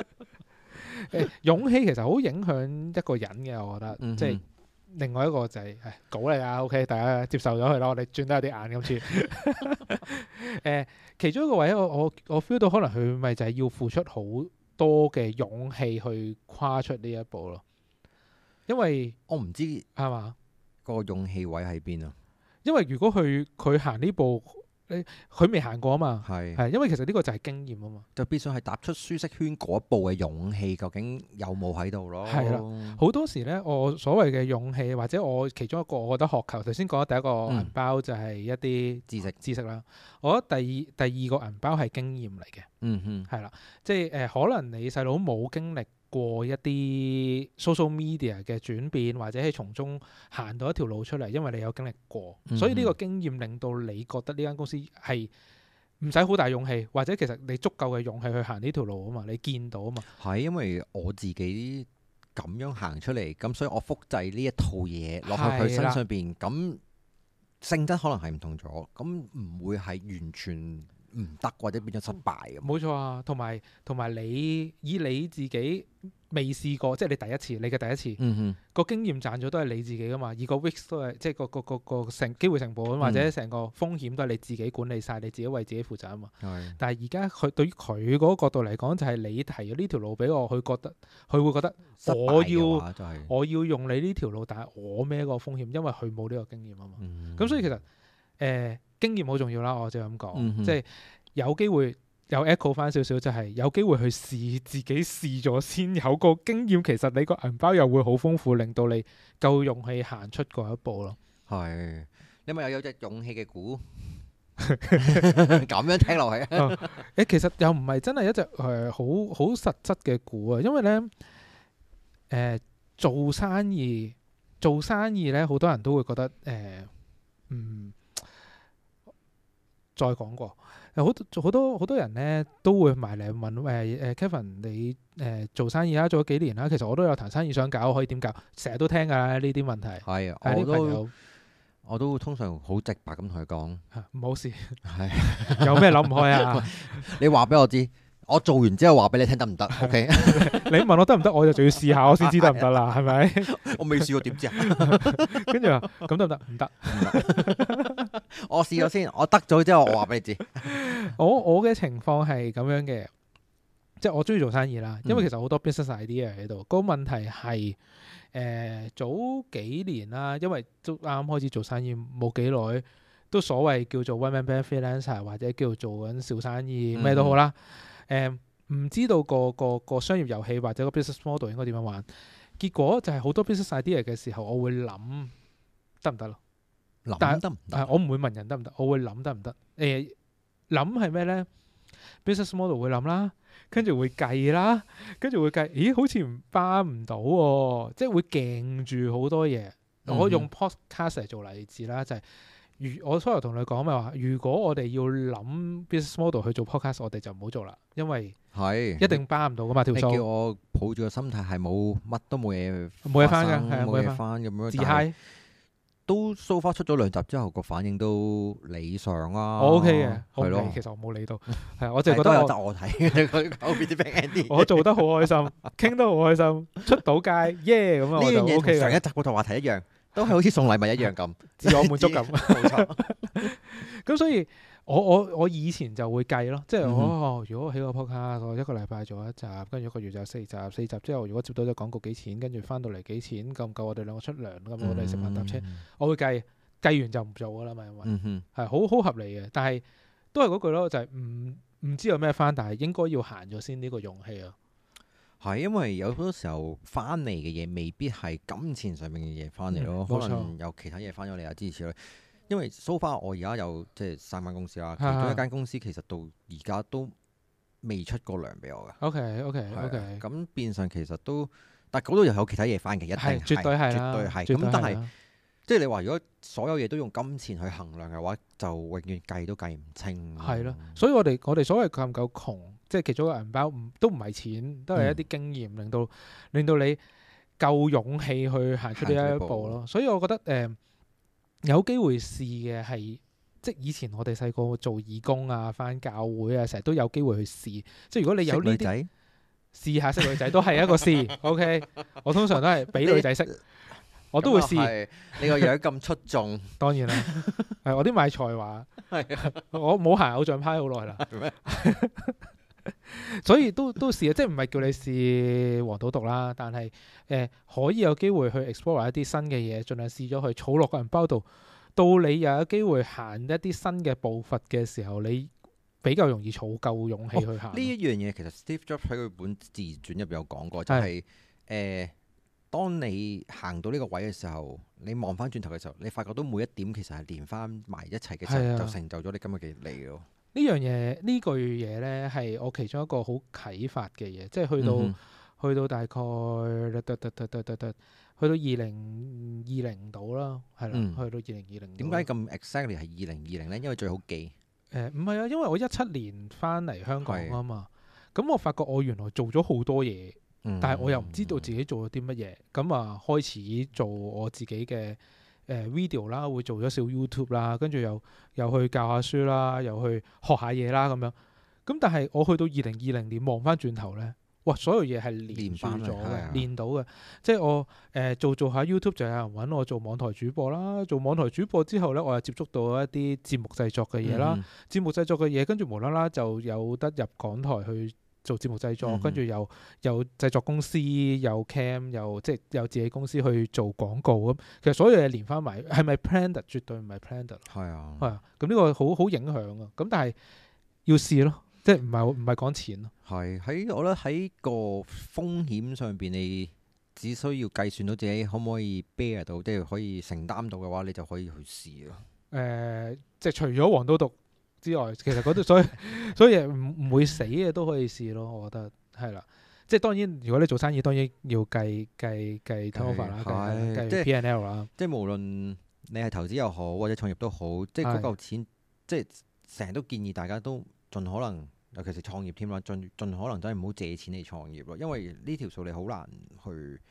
誒， 勇氣其實好影響一個人嘅。我覺得即係、嗯、哼另外一個就係誒稿嚟啊。哎、o、OK, K，大家接受咗佢咯。你轉得有啲眼咁似誒， 其中一個位我我我 feel 到可能佢咪就係要付出好多嘅勇氣去跨出呢一步咯。因為我唔知啱嘛，個勇氣位喺邊啊？因為如果佢佢行呢步。佢未行過啊嘛，係係是，因為其實呢個就係經驗啊嘛，就必須係踏出舒適圈嗰一步嘅勇氣，究竟有冇喺度咯？係啦，好多時咧，我所謂嘅勇氣，或者我其中一個，我覺得學球頭先講第一個銀包就係一啲知識、嗯、知識啦。我覺得第二第二個銀包係經驗嚟嘅，嗯係哼啦，即係誒，可能你細佬冇經歷過一啲 social media 嘅轉變，或者喺從中行到一條路出嚟，因為你有經歷過，嗯嗯，所以呢個經驗令到你覺得呢間公司係唔使好大勇氣，或者其實你足夠嘅勇氣去行呢條路啊嘛，你見到啊嘛。係因為我自己咁樣行出嚟，咁所以我複製呢一套嘢落去佢身上邊，咁的性質可能係唔同咗，咁唔會係完全。唔得或者變咗失敗，冇錯啊！同埋同埋你以你自己未試過，即係你第一次，你嘅第一次，個、嗯、哼經驗賺咗都係你自己噶嘛。而個 risk 都係即係個，個個個成機會成本，嗯、或者成個風險都係你自己管理晒，你自己為自己負責啊嘛。的但係而家佢對於佢嗰個角度嚟講，就係、是、你提咗呢條路俾我，佢覺得佢會覺得我要、就是、我要用你呢條路，但係我孭個風險，因為佢冇呢個經驗啊嘛。咁、嗯嗯、所以其實誒。呃經驗好重要啦，我就咁講，嗯、哼即係有機會有 echo 翻少少，就係有機會去試，自己試咗先有個經驗。其實你個銀包又會好豐富，令到你夠勇氣行出嗰一步咯。係，你咪又有,有隻勇氣嘅鼓？咁 樣聽落去。誒、 哦欸，其實又唔係真係一隻誒好好實質嘅鼓啊，因為咧，誒、呃、做生意做生意咧，好多人都會覺得誒、呃，嗯。再講過，好多好多好多人咧，都會埋嚟問誒誒、呃、Kevin 你誒、呃、做生意啦，做咗幾年啦，其實我都有談生意想搞，可以點搞？成日都聽㗎呢啲問題。係，我都我都,我都通常好直白咁同佢講。唔好、啊、事。係是。 有咩諗唔開啊？ 你話俾我知。我做完之後話俾你聽得唔得？OK， 你問我得唔得，我就仲要試下我先知得唔得啦，係咪？ 我未試過點知啊？跟住話咁得唔得？唔得。行行 我試咗先，我得咗之後 我話俾你知。我我嘅情況係咁樣嘅，即係我中意做生意啦，因為其實好多 business 喺度。個問題係誒、呃、早幾年啦，因為都啱開始做生意冇幾耐，都所謂叫做 one man band freelancer 或者叫做做緊小生意咩都好啦。嗯誒，唔知道個個個商業遊戲或者個 business model 應該點樣玩，結果就係好多 business idea 嘅時候，我會諗得唔得咯。諗得唔得？我唔會問人得唔得，我會諗得唔得。誒，諗係咩呢？business model 會諗啦，跟住會計啦，跟住會計。咦？好似唔巴唔到喎，即係會勁住好多嘢。我可以用 podcast 嚟做例子啦，就係、是。如我初頭同你講咪話，如果我哋要諗 business model 去做 podcast，我哋就唔好做啦，因為係一定包唔到噶嘛。條數你叫我抱住個心態，係冇乜都冇嘢，冇嘢翻嘅，冇嘢翻咁樣。自嗨都 so far 出咗兩集之後，個反應都理想啊。我 OK 嘅，係咯，其實我冇理到，係啊，我淨係覺得我得我睇佢後邊啲咩嘢啲，我做得好開心，傾得好開心，出到街耶咁啊，呢樣嘢同上一集嗰套話題一樣。都係好似送禮物一樣咁，自 我滿足感，冇錯 錯。咁 所以我，我我我以前就會計咯，即、就、係、是、我、嗯、哼如果喺個 podcast，一個禮拜做一集，跟住一個月就四，四集，四集之後如果接到咗廣告幾錢，跟住翻到嚟幾錢，夠唔夠我哋兩個出糧咁？夠夠我哋食飯搭車，嗯、哼我會計，計完就唔做噶啦嘛，因為係好好合理嘅。但係都係嗰句咯，就係唔唔知有咩翻，但係應該要行咗先呢個勇氣啊。係，因為有好多時候翻嚟嘅嘢未必係金錢上面嘅嘢翻嚟咯，嗯、可能有其他嘢翻咗嚟啊，支持之類。因為 so far 我而家有即係三間公司啦，啊、其中一間公司其實到而家都未出過糧俾我噶。OK OK OK，咁、啊、變相其實都，但係嗰度又有其他嘢翻嘅，一定係絕對係，絕對係、啊。咁、啊、但係即係你話如果所有嘢都用金錢去衡量嘅話，就永遠計都計唔清。係咯、啊，啊、所以我哋我哋所謂夠唔夠窮。即係其中個銀包唔都唔係錢，都係一啲經驗，令到令到你夠勇氣去行出呢一步咯。所以我覺得誒，有機會試嘅係，即係以前我哋細個做義工啊、返教會啊，成日都有機會去試。即係如果你有呢啲試下識女仔，都係一個試。OK，我通常都係俾女仔識，我都會試。你個樣咁出眾，當然啦。係我啲賣才華，我冇行偶像派好耐啦。 所以都都試啊，即係唔係叫你試黃賭毒啦，但係誒、呃、可以有機會去 explore 一啲新嘅嘢，盡量試咗去儲落個人包度，到你又有機會行一啲新嘅步伐嘅時候，你比較容易儲夠勇氣去行呢、哦、一樣嘢。其實 Steve Jobs 喺佢本自傳入邊有講過，的就係、是、誒、呃，當你行到呢個位嘅時候，你望翻轉頭嘅時候，你發覺到每一點其實係連翻埋一齊嘅時候，的就成就咗你今日嘅利咯。呢樣嘢呢句嘢呢，係我其中一個好啟發嘅嘢，即係去到、嗯、哼去到大概，嗯、去到二零二零度啦，係啦，去到二零二零。點解咁 exactly 係二零二零呢？因為最好記。唔係、呃、啊，因為我一七年翻嚟香港啊的嘛，咁我發覺我原來做咗好多嘢，嗯、但係我又唔知道自己做咗啲乜嘢，咁啊開始做我自己嘅。誒、呃、video 啦，會做咗少 YouTube 啦，跟住又又去教下書啦，又去學下嘢啦咁樣。咁但係我去到二零二零年望翻轉頭呢，哇！所有嘢係連住咗嘅，練，練到嘅。嗯、即係我誒、呃、做做下 YouTube 就有人揾我做網台主播啦，做網台主播之後呢，我又接觸到一啲節目製作嘅嘢啦，嗯、節目製作嘅嘢，跟住無啦啦就有得入港台去。做節目製作，跟住又又製作公司，又 cam，又即係有自己公司去做廣告咁。其實所有嘢連翻埋，係咪 plan 得？絕對唔係 plan 得。係啊，係啊。咁、嗯、呢、這個好好影響啊。咁但係要試咯，即係唔係唔係講錢咯。係喺我覺得喺個風險上邊，你只需要計算到自己可唔可以 bear 到，即係可以承擔到嘅話，你就可以去試咯。誒、呃，即係除咗黃都讀。之外，其實嗰啲所以所以唔唔會死嘅都可以試咯，我覺得係啦。即係當然，如果你做生意，當然要計計計 p r o f i 計計 P&L 啦即。即係無論你係投資又好或者創業都好，即係嗰嚿錢，是即係成日都建議大家都盡可能，尤其是創業添啦，盡盡可能真係唔好借錢嚟創業咯。因為呢條數你好難去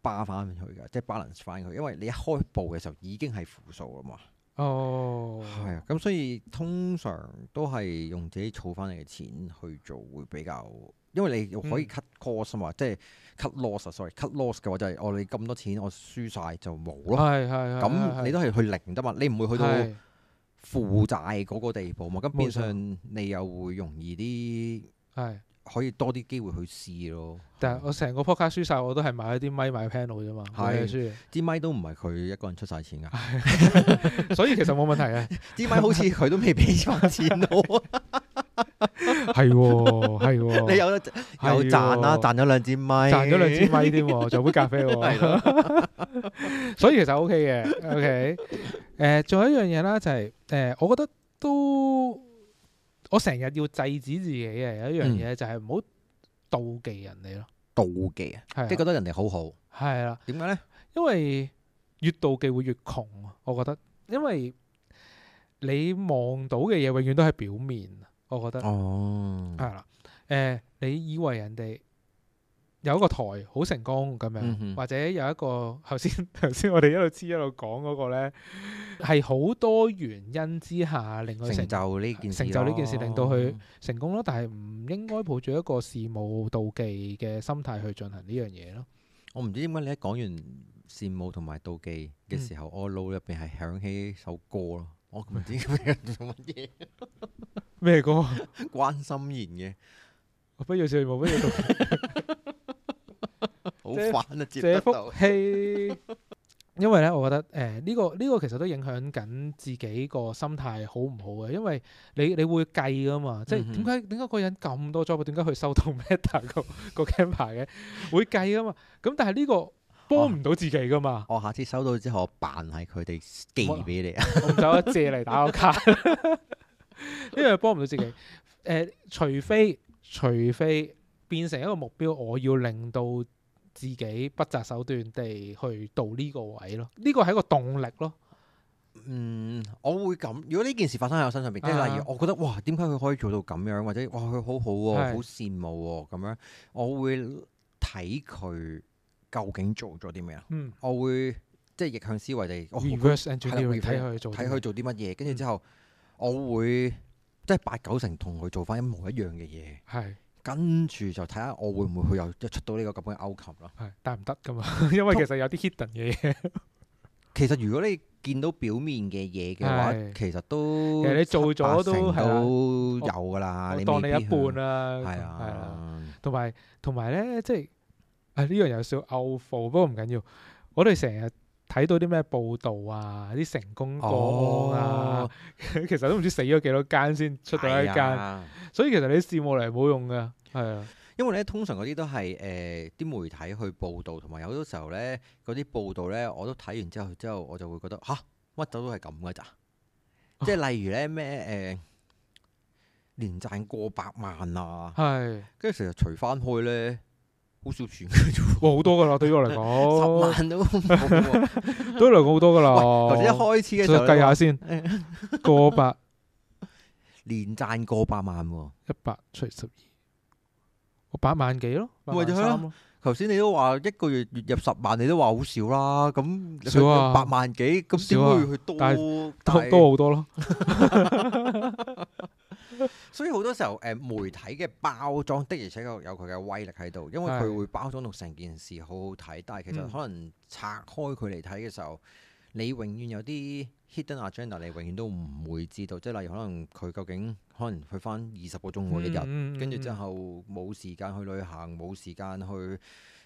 巴翻佢噶，即係 balance 翻佢。因為你一開步嘅時候已經係負數啊嘛。哦，係啊、oh.，咁所以通常都係用自己儲翻嚟嘅錢去做，會比較，因為你可以 cut cost 嘛，嗯、即係 cut loss，sorry，cut loss 嘅話就係、是、我、哦、你咁多錢我輸晒就冇咯，係係，咁你都係去零得嘛，你唔會去到負債嗰個地步嘛，咁變相你又會容易啲係。可以多啲機會去試咯。但係我成個 podcast 輸晒，我都係買咗啲咪買 panel 啫嘛？係，輸。啲咪都唔係佢一個人出晒錢㗎， 所以其實冇問題啊。啲咪好似佢都未俾翻錢我。係喎，係喎。你有有賺啦，賺咗兩支麥咪，賺咗兩支咪添，做杯咖啡喎。 所以其實 OK 嘅，OK。誒、呃，仲有一樣嘢啦，就係誒，我覺得都。我成日要制止自己有一樣嘢，就係唔好妒忌人哋咯、嗯。妒忌啊，即係覺得人哋好好。係啦、啊。點解咧？因為越妒忌會越，越窮，我覺得。因為你望到嘅嘢永遠都係表面，我覺得。哦。係啦、啊。誒、呃，你以為人哋？有一個台好成功咁樣，或者有一個頭先頭先我哋一路黐一路講嗰、嗰個呢，係好多原因之下令佢成，成就呢件事。成就呢件事，哦、令到佢成功咯。但係唔應該抱住一個羨慕妒忌嘅心態去進行呢樣嘢咯。我唔知點解你一講完羨慕同埋妒忌嘅時候，我腦入邊係響起首歌咯。我唔知佢做乜嘢咩歌？ 關心妍嘅。不如就冇乜嘢。 好煩啊借福氣， 因為咧，我覺得誒，呢、呃這個呢、這個其實都影響緊自己個心態好唔好嘅。因為你你會計噶嘛，即係點解點解個人咁多 job，點解去收到 meta 個個 campaign、er、嘅？會計噶嘛？咁但係呢個幫唔到自己噶嘛我？我下次收到之後，我扮係佢哋寄俾你我，我走一借嚟打個卡， 因為幫唔到自己。誒、呃，除非除非變成一個目標，我要令到。自己不擇手段地去到呢個位咯，呢個係一個動力咯。嗯，我會咁。如果呢件事發生喺我身上邊，即係例如我覺得、啊、哇，點解佢可以做到咁樣，或者哇佢好好、啊、喎，好是羨慕喎、啊、咁樣，我會睇佢究竟做咗啲咩啊？嗯、我會即係、就是、逆向思維地 reverse 睇佢做啲乜嘢，跟住、嗯、之後我會即係、就是、八九成同佢做翻一模一樣嘅嘢。係。跟住就睇下我會唔會去又出到呢個咁嘅歐琴咯。但係唔得㗎嘛， 因為其實有啲 hidden 嘅嘢。其實如果你見到表面嘅嘢嘅話，的其實都其實你做咗都係有㗎啦。我你當你一半啦，係啊的，係啊的，同埋同埋咧，即係啊呢樣有少拗富，不過唔緊要。我哋成日。睇到啲咩報道啊，啲成功個案啊，其實都唔知死咗幾多間先出到一間，所以其實你羨慕嚟冇用嘅。係啊，因為咧通常嗰啲都係誒啲媒體去報導，同埋有好多時候咧嗰啲報導咧我都睇完之後之後我就會覺得吓，乜都都係咁嘅咋，即係例如咧咩誒年賺過百萬啊，係跟住成日除翻開咧。好少錢嘅啫，哇！好多噶啦，對於我嚟講，十萬都都嚟講好多噶啦。頭先一開始嘅，再計下先，過百年賺過百萬喎，一百除十二，個八萬幾咯，咪就係咯。頭先你都話一個月月入十萬，你都話好少啦。咁少啊，八萬幾咁，點可以去多大多好多咯？所以好多時候，誒、呃、媒體嘅包裝的而且確有佢嘅威力喺度，因為佢會包裝到成件事好好睇。但係其實可能拆開佢嚟睇嘅時候，嗯、你永遠有啲 hidden agenda，你永遠都唔會知道。即係例如可能佢究竟可能去返二十個鐘嘅一日，跟住之後冇時間去旅行，冇時間去。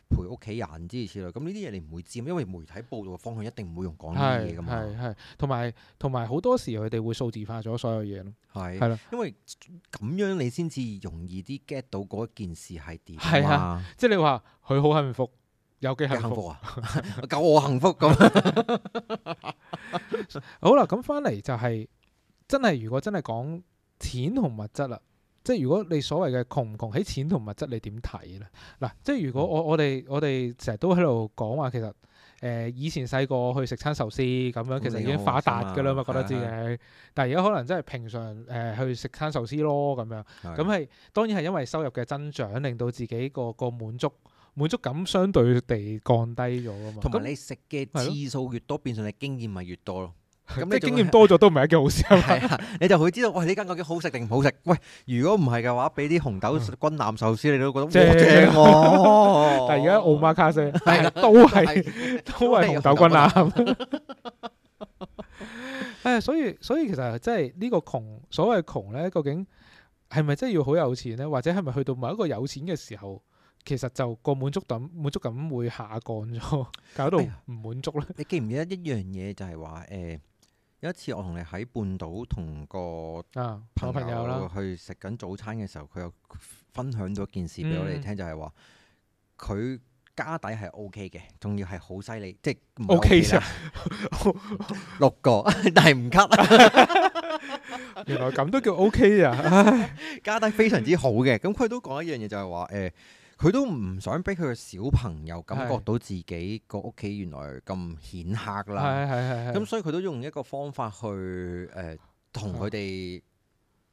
陪屋企人之類，咁呢啲嘢你唔會知，因為媒體報道嘅方向一定唔會用講呢啲嘢咁嘛。係係，同埋同埋好多時佢哋會數字化咗所有嘢咯。係係咯，的因為咁樣你先至容易啲 get 到嗰件事係點。係啊的，的即係你話佢好幸福，有幾幸福，幾幸福啊？夠 我幸福咁。 好啦，咁翻嚟就係、係、真係，如果真係講錢同物質啦。即係如果你所謂嘅窮唔窮喺錢同物質你點睇咧？嗱、nah，即係如果我、嗯、我哋我哋成日都喺度講話，其實誒以前細個去食餐壽司咁樣，其實已經發達㗎啦嘛，覺得自己。嗯嗯嗯嗯、但係而家可能真係平常誒去食餐壽司咯咁樣，咁係、嗯、是當然係因為收入嘅增長令到自己個個滿足滿足感相對地降低咗啊嘛。同埋你食嘅次數越多，對變成你經驗咪越多。即係經驗多咗都唔係一件好事啊！係啊，你就會知道，喂，呢間究竟好食定唔好食？喂，如果唔係嘅話，俾啲紅豆軍艦壽司，你都覺得正哦。但係而家奧馬卡西都係都係紅豆軍艦。誒，所以所以其實真係呢個窮，所謂窮咧，究竟係咪真係要好有錢咧？或者係咪去到某一個有錢嘅時候，其實就個滿足感滿足感會下降咗，搞到唔滿足咧？你記唔記得一樣嘢就係話誒？有一次我同你喺半島同個朋友去食緊早餐嘅時候，佢有分享咗件事俾我哋聽。嗯、就係話佢家底係 O K 嘅，仲要係好犀利，即係唔 O K 成六個，但係唔 cut，原來咁都叫 OK 啊！ 家底非常之好嘅，咁佢 都講一樣嘢，就係話誒。佢都唔想俾佢嘅小朋友感覺到自己個屋企原來咁顯赫啦，咁、嗯、所以佢都用一個方法去誒同佢哋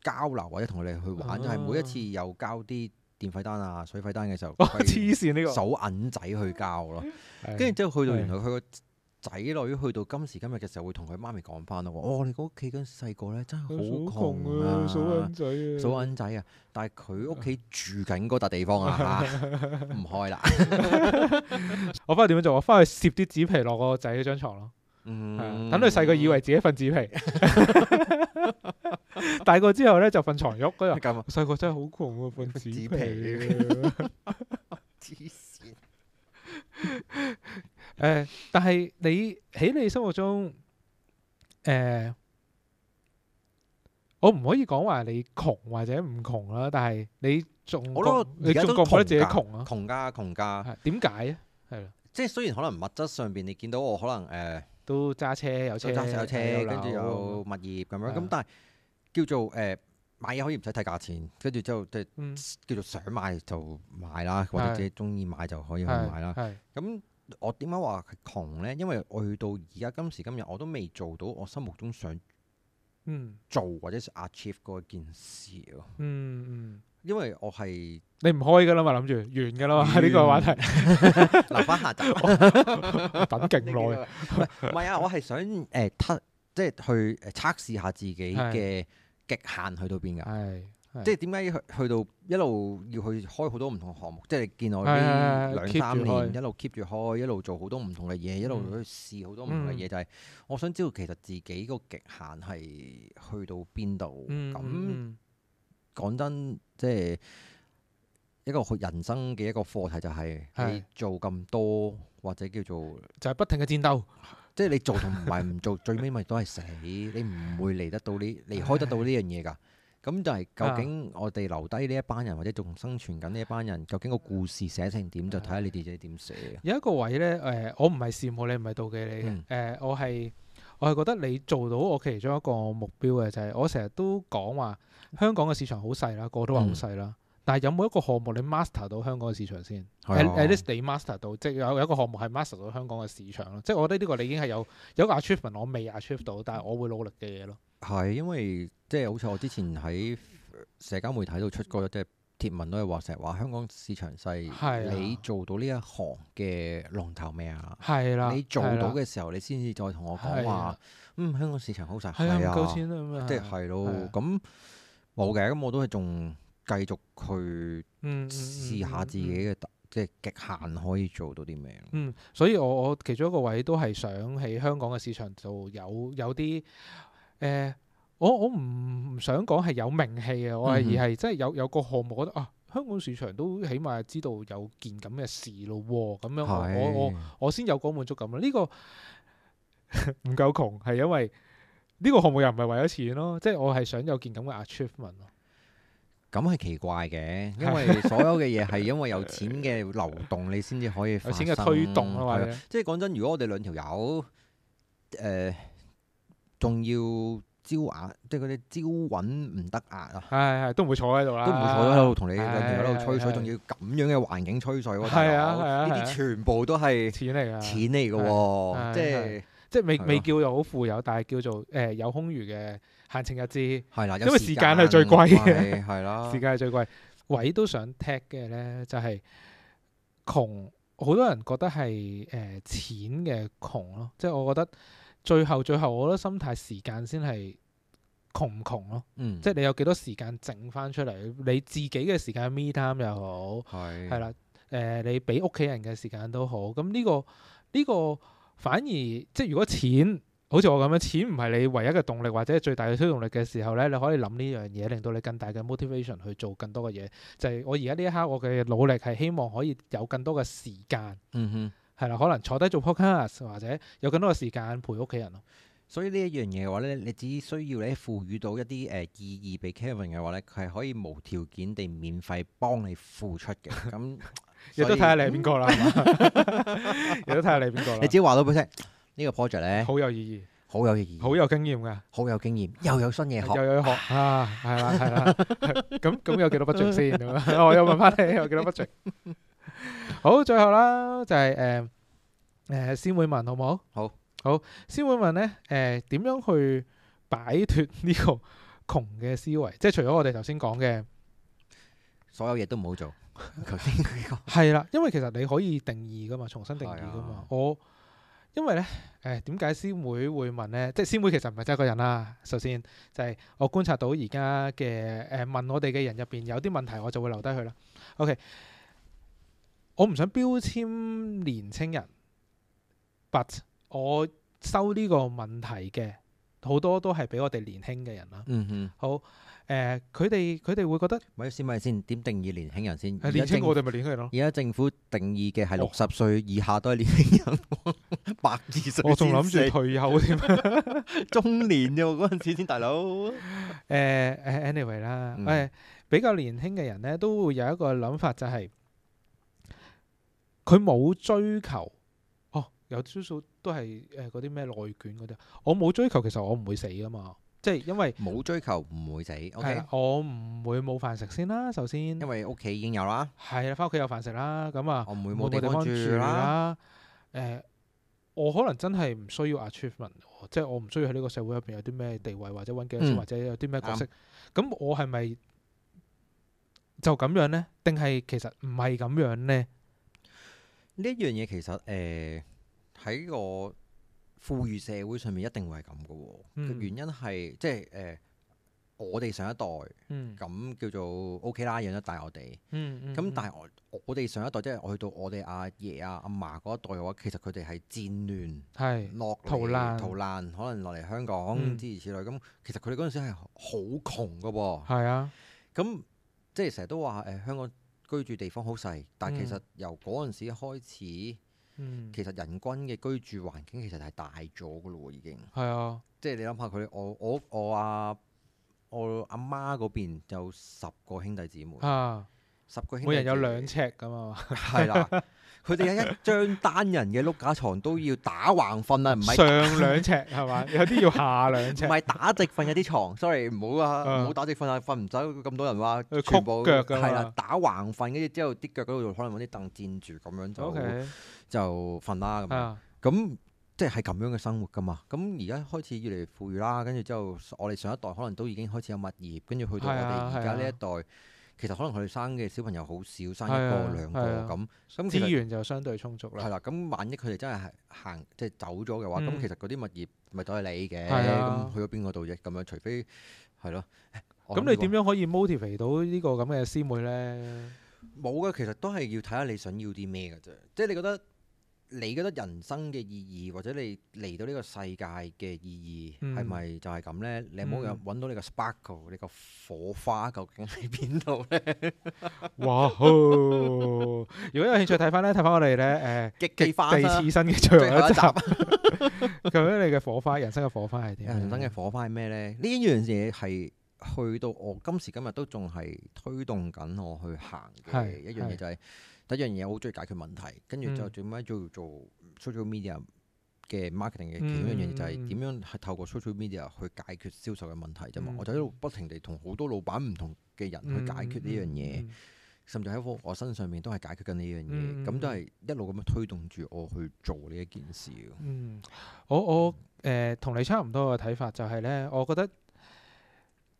交流或者同佢哋去玩，的就係每一次又交啲電費單啊、水費單嘅時候，黐線呢個手銀仔去交咯，跟住之後去到原來佢個。仔女去到今時今日嘅時候，會同佢媽咪講翻咯喎，我哋個屋企嗰陣細個咧真係好窮啊，數銀仔啊，數銀仔啊，但係佢屋企住緊嗰笪地方啊，唔 開啦。 我翻去點樣做？我翻去攝啲紙皮落個仔嗰張牀咯。等佢細個以為自己瞓紙皮， 大個之後咧就瞓床褥嗰度。細個 真係好窮啊，瞓紙皮，啊。 誒，但係你喺你生活中，誒，我唔可以講話你窮或者唔窮啦。但係你仲，我諗你仲覺得自己窮啊？窮家窮家，點解啊？係即係雖然可能物質上邊你見到我可能誒，都揸車有車，揸車有車，跟住有物業咁樣咁。但係叫做誒，買嘢可以唔使睇價錢，跟住之後即叫做想買就買啦，或者自己中意買就可以去買啦。咁。我點解話係窮呢？因為去到而家今時今日，我都未做到我心目中想做或者係 achieve 嗰件事咯、嗯。嗯嗯，因為我係你唔開噶啦嘛，諗住完噶啦嘛，呢完 個話題 留翻下集， 等勁耐。唔係啊，我係想誒、呃、即係去測試下自己嘅極限去到邊㗎。即係點解去去到一路要去開好多唔同項目，即係你見我呢兩三年一路 keep 住開，一路做好多唔同嘅嘢，嗯、一路去試好多唔同嘅嘢，嗯、就係我想知道其實自己個極限係去到邊度。咁講真，即係一個人生嘅一個課題，就係，就係的你做咁多或者叫做就係不停嘅戰鬥，即係你做同埋唔做， 最尾咪都係死，你唔會離得到呢，離 開得到呢樣嘢噶。咁就係究竟我哋留低呢一班人，或者仲生存緊呢一班人，究竟個故事寫成點？就睇下你哋自己點寫。有一個位咧，誒、呃，我唔係羨慕你，唔係妒忌你嘅，誒、嗯呃，我係我係覺得你做到我其中一個目標嘅，就係、是、我成日都講話香港嘅市場好細啦，個個都話好細啦。嗯。但係有冇一個項目你 master 到香港嘅市場先？at least 你 master 到，即係有一個項目係 master 到香港嘅市場咯。即係我覺得呢個你已經係有有一個 achievement，我未 achieve 到，但係我會努力嘅嘢咯。係因為即係好似我之前喺社交媒體度出過一隻貼文，都係話成日話香港市場細，你做到呢一行嘅龍頭咩啊？係啦，你做到嘅時候，你先至再同我講話，嗯，香港市場好曬，係唔夠錢啊嘛？即係係咯，咁冇嘅，咁我都係仲繼續去試下自己嘅特，嗯嗯、即係極限可以做到啲咩。嗯，所以我我其中一個位都係想喺香港嘅市場度有有啲誒、欸，我我唔唔想講係有名氣啊，我係、嗯、哼而係即係有有個項目，覺得啊，香港市場都起碼知道有件咁嘅事咯，咁樣我是我我先有個滿足感咯。呢、這個唔夠窮，係 因為呢個項目又唔係為咗錢咯，即係我係想有件咁嘅 achievement 咁係奇怪嘅，因為所有嘅嘢係因為有錢嘅流動，你先至可以有錢嘅推動啊嘛。即係講真，如果我哋兩條友誒，仲要招壓，即係嗰啲招揾唔得壓啊！係係，都唔會坐喺度啦，都唔會坐喺度同你兩條友喺度吹水，仲要咁樣嘅環境吹水。係啊係啊，呢啲全部都係錢嚟㗎，錢嚟嘅喎。即係即係未未叫又好富有，但係叫做誒有空餘嘅。行程日誌，因為時間係最貴嘅，係啦， 時間係最貴。位都想踢嘅呢，就係窮。好多人覺得係誒錢嘅窮咯，即係我覺得最後最後，我覺得心態時間先係窮唔窮咯。嗯、即係你有幾多時間剩返出嚟，你自己嘅時間 me time 又好，係係啦，誒、呃、你俾屋企人嘅時間都好。咁呢、呢個呢、呢個反而即係如果錢。好似我咁樣，錢唔係你唯一嘅動力或者最大嘅推動力嘅時候呢，你可以諗呢樣嘢，令到你更大嘅 motivation 去做更多嘅嘢。就係、是、我而家呢一刻，我嘅努力係希望可以有更多嘅時間，嗯係哼啦，可能坐低做 podcast 或者有更多嘅時間陪屋企人。所以呢一樣嘢嘅話呢，你只需要你賦予到一啲誒意義俾 Kevin 嘅話呢，佢係可以無條件地免費幫你付出嘅。咁亦 都睇下你係邊個啦，亦 都睇下你係邊個。 你自己話到俾佢聽。呢個 project 咧，好有意義，好有意義，好有經驗嘅，好有經驗，又有新嘢學，又有學啊，係啦，係啦，咁咁有幾多 budget 先？我又問翻你，有幾多 budget？好，最後啦，就係誒誒，先會問好冇？好，好，先會問咧，誒，點樣去擺脫呢個窮嘅思維？即係除咗我哋頭先講嘅，所有嘢都唔好做。頭先係啦，因為其實你可以定義噶嘛，重新定義噶嘛，我。因為咧，誒點解師妹會問咧？即係師妹其實唔係真係個人啦。首先就係我觀察到而家嘅誒問我哋嘅人入邊有啲問題，我就會留低佢啦。OK，我唔想標籤年青人，but 我收呢個問題嘅好多都係比我哋年輕嘅人啦。嗯哼好。誒，佢哋佢哋會覺得，咪先咪先，點定義年輕人先？年輕我哋咪年輕人咯。而家，啊、政府定義嘅係六十歲以下都係年輕人。百二十， 我仲諗住退休添。 中年啫，嗰陣時先大佬。誒 anyway 啦，誒、呃，比較年輕嘅人咧，都會有一個諗法，就係，就係佢冇追求。哦，有少數都係誒嗰啲咩內捲嗰啲。我冇追求，其實我唔會死噶嘛。即係因為冇追求唔會死，okay？我唔會冇飯食先啦。首先，因為屋企已經有啦。係啊，翻屋企有飯食啦。咁啊，我唔會冇地方住啦。誒、嗯呃，我可能真係唔需要 achievement，即係我唔需要喺呢個社會入邊有啲咩地位，或者揾幾多錢，或者有啲咩角色。咁我係咪就咁樣呢？定係其實唔係咁樣呢？呢一樣嘢其實誒喺、呃、我。富裕社會上面一定會係咁嘅喎，原因係、嗯、即係、呃、我哋上一代咁、嗯、叫做 O、OK、K 啦，養得大我哋。咁、嗯嗯、但係我我哋上一代即係我去到我哋阿爺啊阿嫲嗰一代嘅話，其實佢哋係戰亂落嚟徒，逃難逃可能落嚟香港、嗯、諸如此類。咁其實佢哋嗰陣時係好窮嘅噃、哦。係、嗯、是啊，咁即係成日都話誒香港居住地方好細，但係其實由嗰陣時開始。嗯嗯，其實人均嘅居住環境其實係大咗噶咯喎，已經係啊，即係你諗下佢，我我我阿、啊、我阿、啊啊、媽嗰邊有十個兄弟姊妹啊，十個兄每人有兩尺咁啊嘛，係 啦。佢哋有一張單人嘅碌架床，都要打橫瞓啊，唔係上兩尺係嘛？有啲要下兩尺，唔係打直瞓，有啲床 sorry，唔好啊，唔好打直瞓啊，瞓唔走。咁多人哇！全部腳㗎，係啦，打橫瞓，跟住之後啲腳嗰度可能揾啲凳墊住咁樣，就就瞓啦，咁咁，即係係咁樣嘅生活㗎嘛。咁而家開始越嚟越富裕啦，跟住之後我哋上一代可能都已經開始有物業，跟住去到我哋而家呢一代。其實可能佢哋生嘅小朋友好少，生一個的兩個咁，咁的資源就相對充足啦。係啦，咁萬一佢哋真係行即係走咗嘅話，咁、嗯、其實嗰啲物業咪都係你嘅，咁的去咗邊個度啫？咁樣除非係咯，咁、這個、你點樣可以 motivate 到呢個咁嘅師妹咧？冇嘅，其實都係要睇下你想要啲咩嘅啫，即係你覺得。你覺得人生嘅意義，或者你嚟到呢個世界嘅意義，係咪、嗯、就係咁咧？你冇有揾到你個 sparkle，、嗯、你個火花究竟喺邊度咧？哇、wow！如果有興趣睇、呃、翻咧，睇翻我哋咧誒極地刺生嘅最後一集，一集 究竟你嘅火花、人生嘅火花係點？ 人生嘅火花係咩咧？呢樣嘢係去到我今時今日都仲係推動緊我去行嘅對、 嗯、一樣嘢，就係。第一樣嘢我好中意解決問題，跟住就做咩做，嗯、做 social media 嘅 marketing 嘅、嗯。其中一樣嘢就係點樣係透過 social media 去解決銷售嘅問題啫嘛。嗯、我就一路不停地同好多老闆唔同嘅人去解決呢樣嘢，嗯嗯、甚至喺我身上面都係解決緊呢、嗯嗯、樣嘢。咁都係一路咁樣推動住我去做呢一件事。嗯，我我誒同、呃、你差唔多嘅睇法，就係呢：我覺得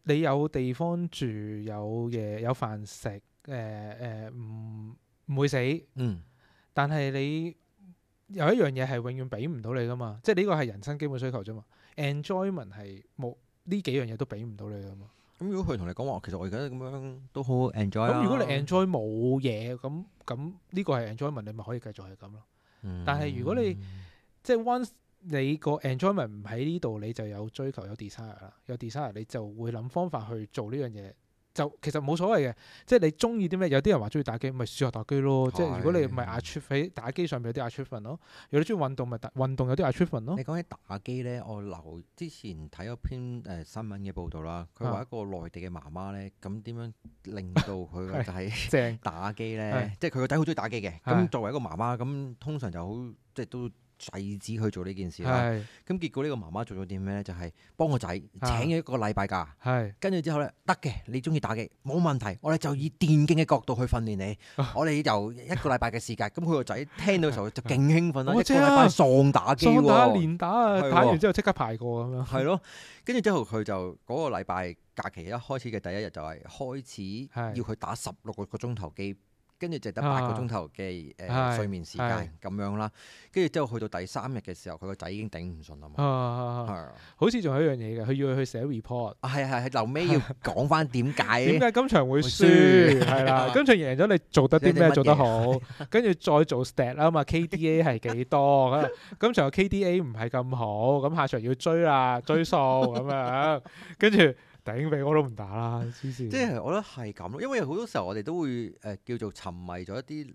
你有地方住，有，有嘢有飯食，誒誒唔。呃呃嗯唔會死，嗯、但係你有一樣嘢係永遠俾唔到你噶嘛，即係呢個係人生基本需求啫嘛。Enjoyment 係冇呢幾樣嘢都俾唔到你噶嘛。咁如果佢同你講話，其實我而家咁樣都好 enjoy，啊。咁、嗯嗯、如果你 enjoy 冇嘢，咁咁呢個係 enjoyment，你咪可以繼續係咁咯。但係如果你、嗯、即係 once 你個 enjoyment 唔喺呢度，你就有追求有 desire 啦，有 desire des 你就會諗方法去做呢樣嘢。就其實冇所謂嘅，即係你中意啲咩？有啲人話中意打機，咪試下打機咯。的即係如果你唔係 achievement 打機上面有啲 achievement 咯。如果你中意運動，咪打運動有啲 achievement 咯。你講起打機咧，我留之前睇咗篇誒新聞嘅報道啦。佢話一個內地嘅媽媽咧，咁點的樣令到佢個仔即係打機咧？即係佢個仔好中意打機嘅。咁作為一個媽媽，咁通常就好即係都。細子去做呢件事啦，咁是結果呢個媽媽做咗啲咩咧？就係、是、幫個仔請咗一個禮拜假，跟住是之後咧得嘅，你中意打機冇問題，我哋就以電競嘅角度去訓練你， 我哋由一個禮拜嘅時間，咁佢個仔聽到嘅時候就勁興奮啦，一個禮拜喪打機喎，打連打啊，打完之後即刻排過咁樣。係咯、啊，跟住、 啊、之後佢就嗰個禮拜假期一開始嘅第一日就係開始要佢打十六個個鐘頭機。跟住就得八個鐘頭嘅誒睡眠時間咁、啊、樣啦，跟住之後去到第三日嘅時候，佢個仔已經頂唔順啦嘛。係、啊，是好似仲有一樣嘢嘅，佢要佢去寫 report、啊。係啊係，留尾要講翻點解點解今場會輸係啦， 今場贏咗你做得啲咩做得好，跟住再做 stat 啦嘛 ，KDA 係幾多？ 今場 KDA 唔係咁好，咁下場要追啦，追數咁 樣，跟住。頂你我都唔打啦，黐線！即係我覺得係咁咯，因為好多時候我哋都會誒、呃、叫做沉迷咗一啲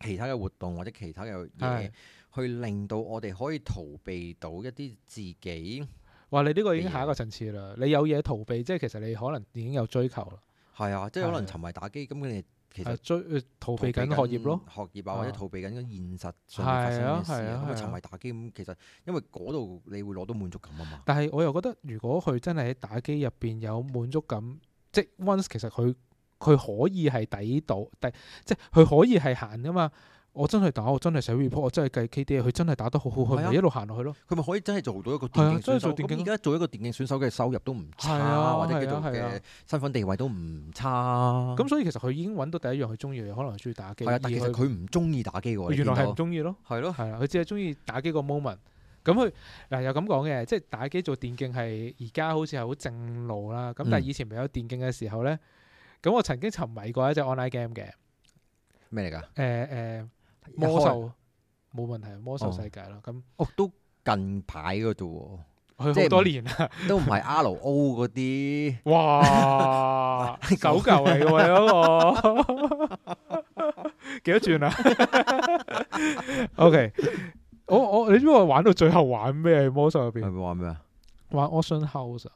其他嘅活動或者其他嘅嘢，的去令到我哋可以逃避到一啲自己。哇！你呢個已經下一個層次啦，你有嘢逃避，即係其實你可能已經有追求啦。係啊，即係可能沉迷打機咁你。的其實追逃避緊學業咯，學業啊，或者逃避緊現實上發生嘅事，咁啊沉迷打機。啊啊、其實因為嗰度你會攞到滿足感啊嘛。但係我又覺得，如果佢真係喺打機入邊有滿足感，嗯、即 once 其實佢佢可以係抵到，但、嗯、即係佢可以係行噶嘛。我真係打，我真係寫 report，我真係計 K D。佢真係打得好好，佢咪一路行落去咯。佢咪、啊、可以真係做到一個電競選手。所以做電競。咁而家做一個電競選手嘅收入都唔差，啊啊、或者叫做嘅身份地位都唔差。咁、啊啊、所以其實佢已經揾到第一樣佢中意嘅，可能中意打機。係、啊、但其實佢唔中意打機喎。他原來係唔中意咯，係咯、啊，係佢、啊、只係中意打機個 moment。咁佢嗱又咁講嘅，即係打機做電競係而家好似係好正路啦。咁但係以前沒有電競嘅時候咧，咁、嗯、我曾經沉迷過一隻 online game 嘅咩嚟㗎？誒誒。呃呃魔獸冇、啊、問題，魔獸世界咯，咁哦，都近排嘅啫，即係好多年啊 都唔係 R O 嗰啲，哇，狗 球嚟嘅喎，嗰個幾多轉啊？O K，我我你知唔知我玩到最後玩咩？魔獸入邊係咪玩咩啊？玩 Ocean House，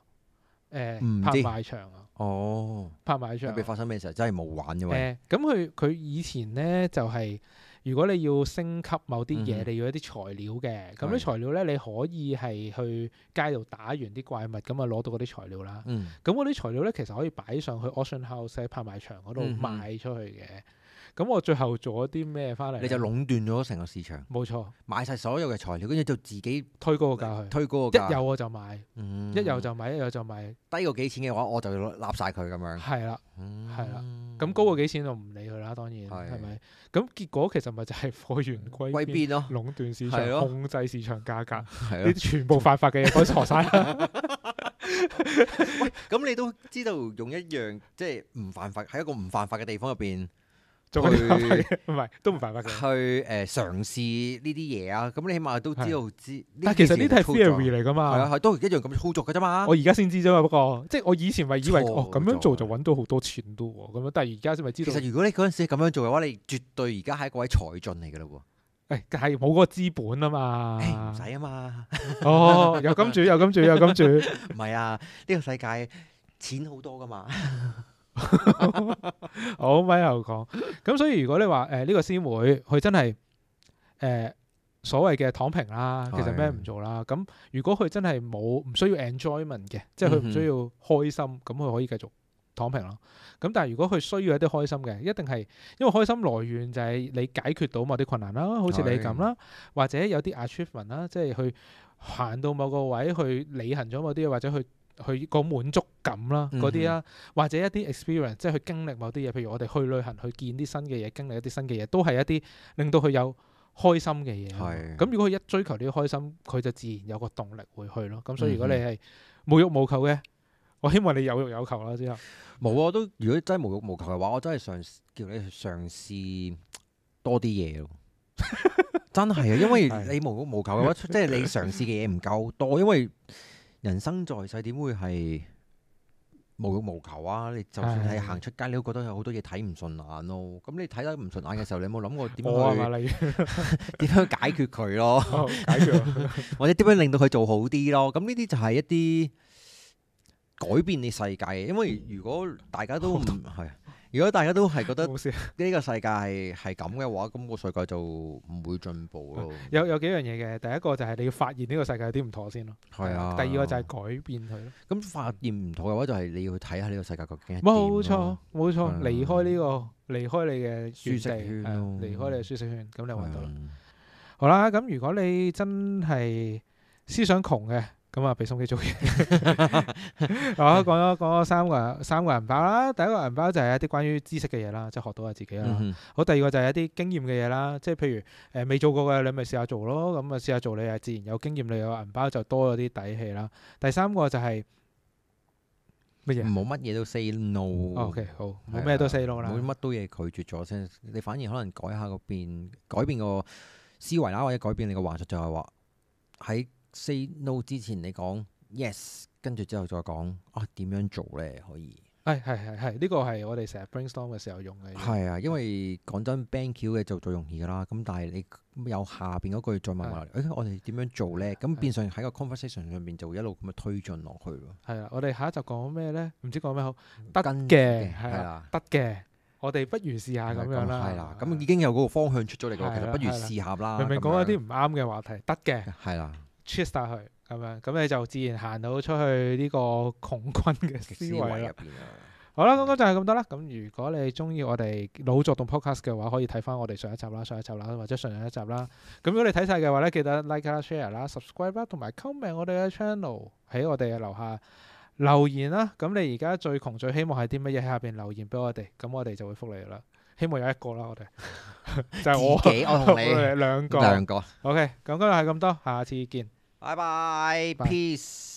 誒，知拍賣場啊，哦，拍賣場入邊發生咩事啊？真係冇玩嘅，咁佢佢以前咧就係、是。如果你要升級某啲嘢，嗯、你要一啲材料嘅，咁啲、嗯、材料咧你可以係去街度打完啲怪物，咁啊攞到嗰啲材料啦。咁嗰啲材料咧其實可以擺上去 Auction House 拍賣場嗰度賣出去嘅。嗯咁我最後做咗啲咩翻嚟？你就壟斷咗成個市場。冇錯，買晒所有嘅材料，跟住就自己推高個價去。推高個價，一有我就買，一有就買，一有就買。低過幾錢嘅話，我就要立晒佢咁樣。係啦，係啦。咁高過幾錢就唔理佢啦，當然係咪？咁結果其實咪就係貨源歸歸邊咯，壟斷市場，控制市場價格，你全部犯法嘅嘢都傻晒。喂，咁你都知道用一樣即係唔犯法，喺一個唔犯法嘅地方入邊。唔係都唔犯法嘅。去誒、呃、嘗試呢啲嘢啊，咁你起碼都知道知。但其實呢啲係 theory 嚟㗎嘛，係啊係，都一樣咁操作㗎啫嘛。我而家先知啫嘛，不過即係我以前咪以為我咁作、哦、樣做就揾到好多錢都喎，咁樣但係而家先咪知道。其實如果你嗰陣時咁樣做嘅話，你絕對而家係一位才俊嚟㗎咯喎。誒係冇嗰個資本啊嘛，唔使啊嘛。 哦，有金主有金主有金主，唔係 啊！呢、呢個世界錢好多㗎嘛。 好，咪又講咁，所以如果你話，誒，呢個師妹，佢真係誒、呃、所謂嘅躺平啦，其實咩唔做啦。咁的如果佢真係冇唔需要 enjoyment 嘅，即係佢唔需要開心，咁佢可以繼續躺平咯。咁但係如果佢需要一啲開心嘅，一定係因為開心來源就係你解決到某啲困難啦，好似你咁啦，的或者有啲 achievement 啦，即係去行到某個位去履行咗某啲，或者去。去個滿足感啦、啊，嗰啲啦，或者一啲 experience，即係去經歷某啲嘢，譬如我哋去旅行去見啲新嘅嘢，經歷一啲新嘅嘢，都係一啲令到佢有開心嘅嘢。咁的如果佢一追求呢啲開心，佢就自然有個動力會去咯。咁所以如果你係無欲無求嘅，的我希望你有欲有求啦之後。冇，我都如果真係無欲無求嘅話，我真係嘗試叫你去嘗試多啲嘢 真係啊，因為你無欲無求嘅話，即係 你嘗試嘅嘢唔夠多，因為。人生在世，點會係無欲無求啊？你就算係行出街，你都的覺得有好多嘢睇唔順眼咯。咁你睇得唔順眼嘅時候，啊、你有冇諗過點去？點、啊、 樣解決佢咯？哦、 或者點樣令到佢做好啲咯？咁呢啲就係一啲改變你世界，因為如果大家都唔係。嗯如果大家都係覺得呢個世界係係咁嘅話，咁個世界就唔會進步咯、嗯。有有幾樣嘢嘅，第一個就係你要發現呢個世界有啲唔妥先咯。係啊的。第二個就係改變佢咯。咁、嗯、發現唔妥嘅話，就係你要去睇下呢個世界究竟係點。冇錯，冇錯，離開呢、這個，離開你嘅舒，啊、舒適圈，離開你嘅舒適圈，咁你揾到啦。好啦，咁如果你真係思想窮嘅。咁啊，俾心機做嘢。我講咗講咗三個三個銀包啦。第一個銀包就係一啲關於知識嘅嘢啦，即係學到下自己啦。好，第二個就係一啲經驗嘅嘢啦，即係譬如誒未做過嘅，你咪試下做咯。咁啊，試下做你啊，自然有經驗，你有銀包就多咗啲底氣啦。第三個就係乜嘢？冇乜嘢都 say no。OK，好，冇乜都 say no 啦。冇乜都嘢拒絕咗先，你反而可能改下個變改變個思維啦，或者改變你個話術，就係話喺。say no 之前你講 yes，跟住之後再講啊點樣做咧可以？誒係係係呢個係我哋成日 brainstorm 嘅時候用嘅係啊，因為講真 ban 咗嘅就最容易噶啦，咁但係你有下邊嗰句再問埋我哋點樣做咧？咁變相喺個 conversation 上面就會一路咁樣推進落去咯。係啦，我哋下一集講咩咧？唔知講咩好？得嘅係啦，得嘅，我哋不如試下咁樣啦。係啦，咁已經有嗰個方向出咗嚟，其實不如試下啦。明明講一啲唔啱嘅話題，得嘅係啦。出曬佢，咁樣，咁你就自然行到出去呢個窮困嘅思維入邊。啊、好啦吧，講講、嗯、就係咁多啦。咁如果你中意我哋老作動 podcast 嘅話，可以睇翻我哋上一集啦、上一集啦或者上一集啦。咁如果你睇晒嘅話咧，記得 like share、啊、啦、subscribe 啦，同、啊、埋、啊、Comment 我哋嘅 channel 喺我哋嘅樓下留言啦。咁、啊啊、你而家最窮最希望係啲乜嘢喺下邊留言俾我哋，咁我哋就會覆你啦。希望有一個啦，我哋就係我我同你兩個兩個。OK，咁今日係咁多，下次見，拜拜，peace。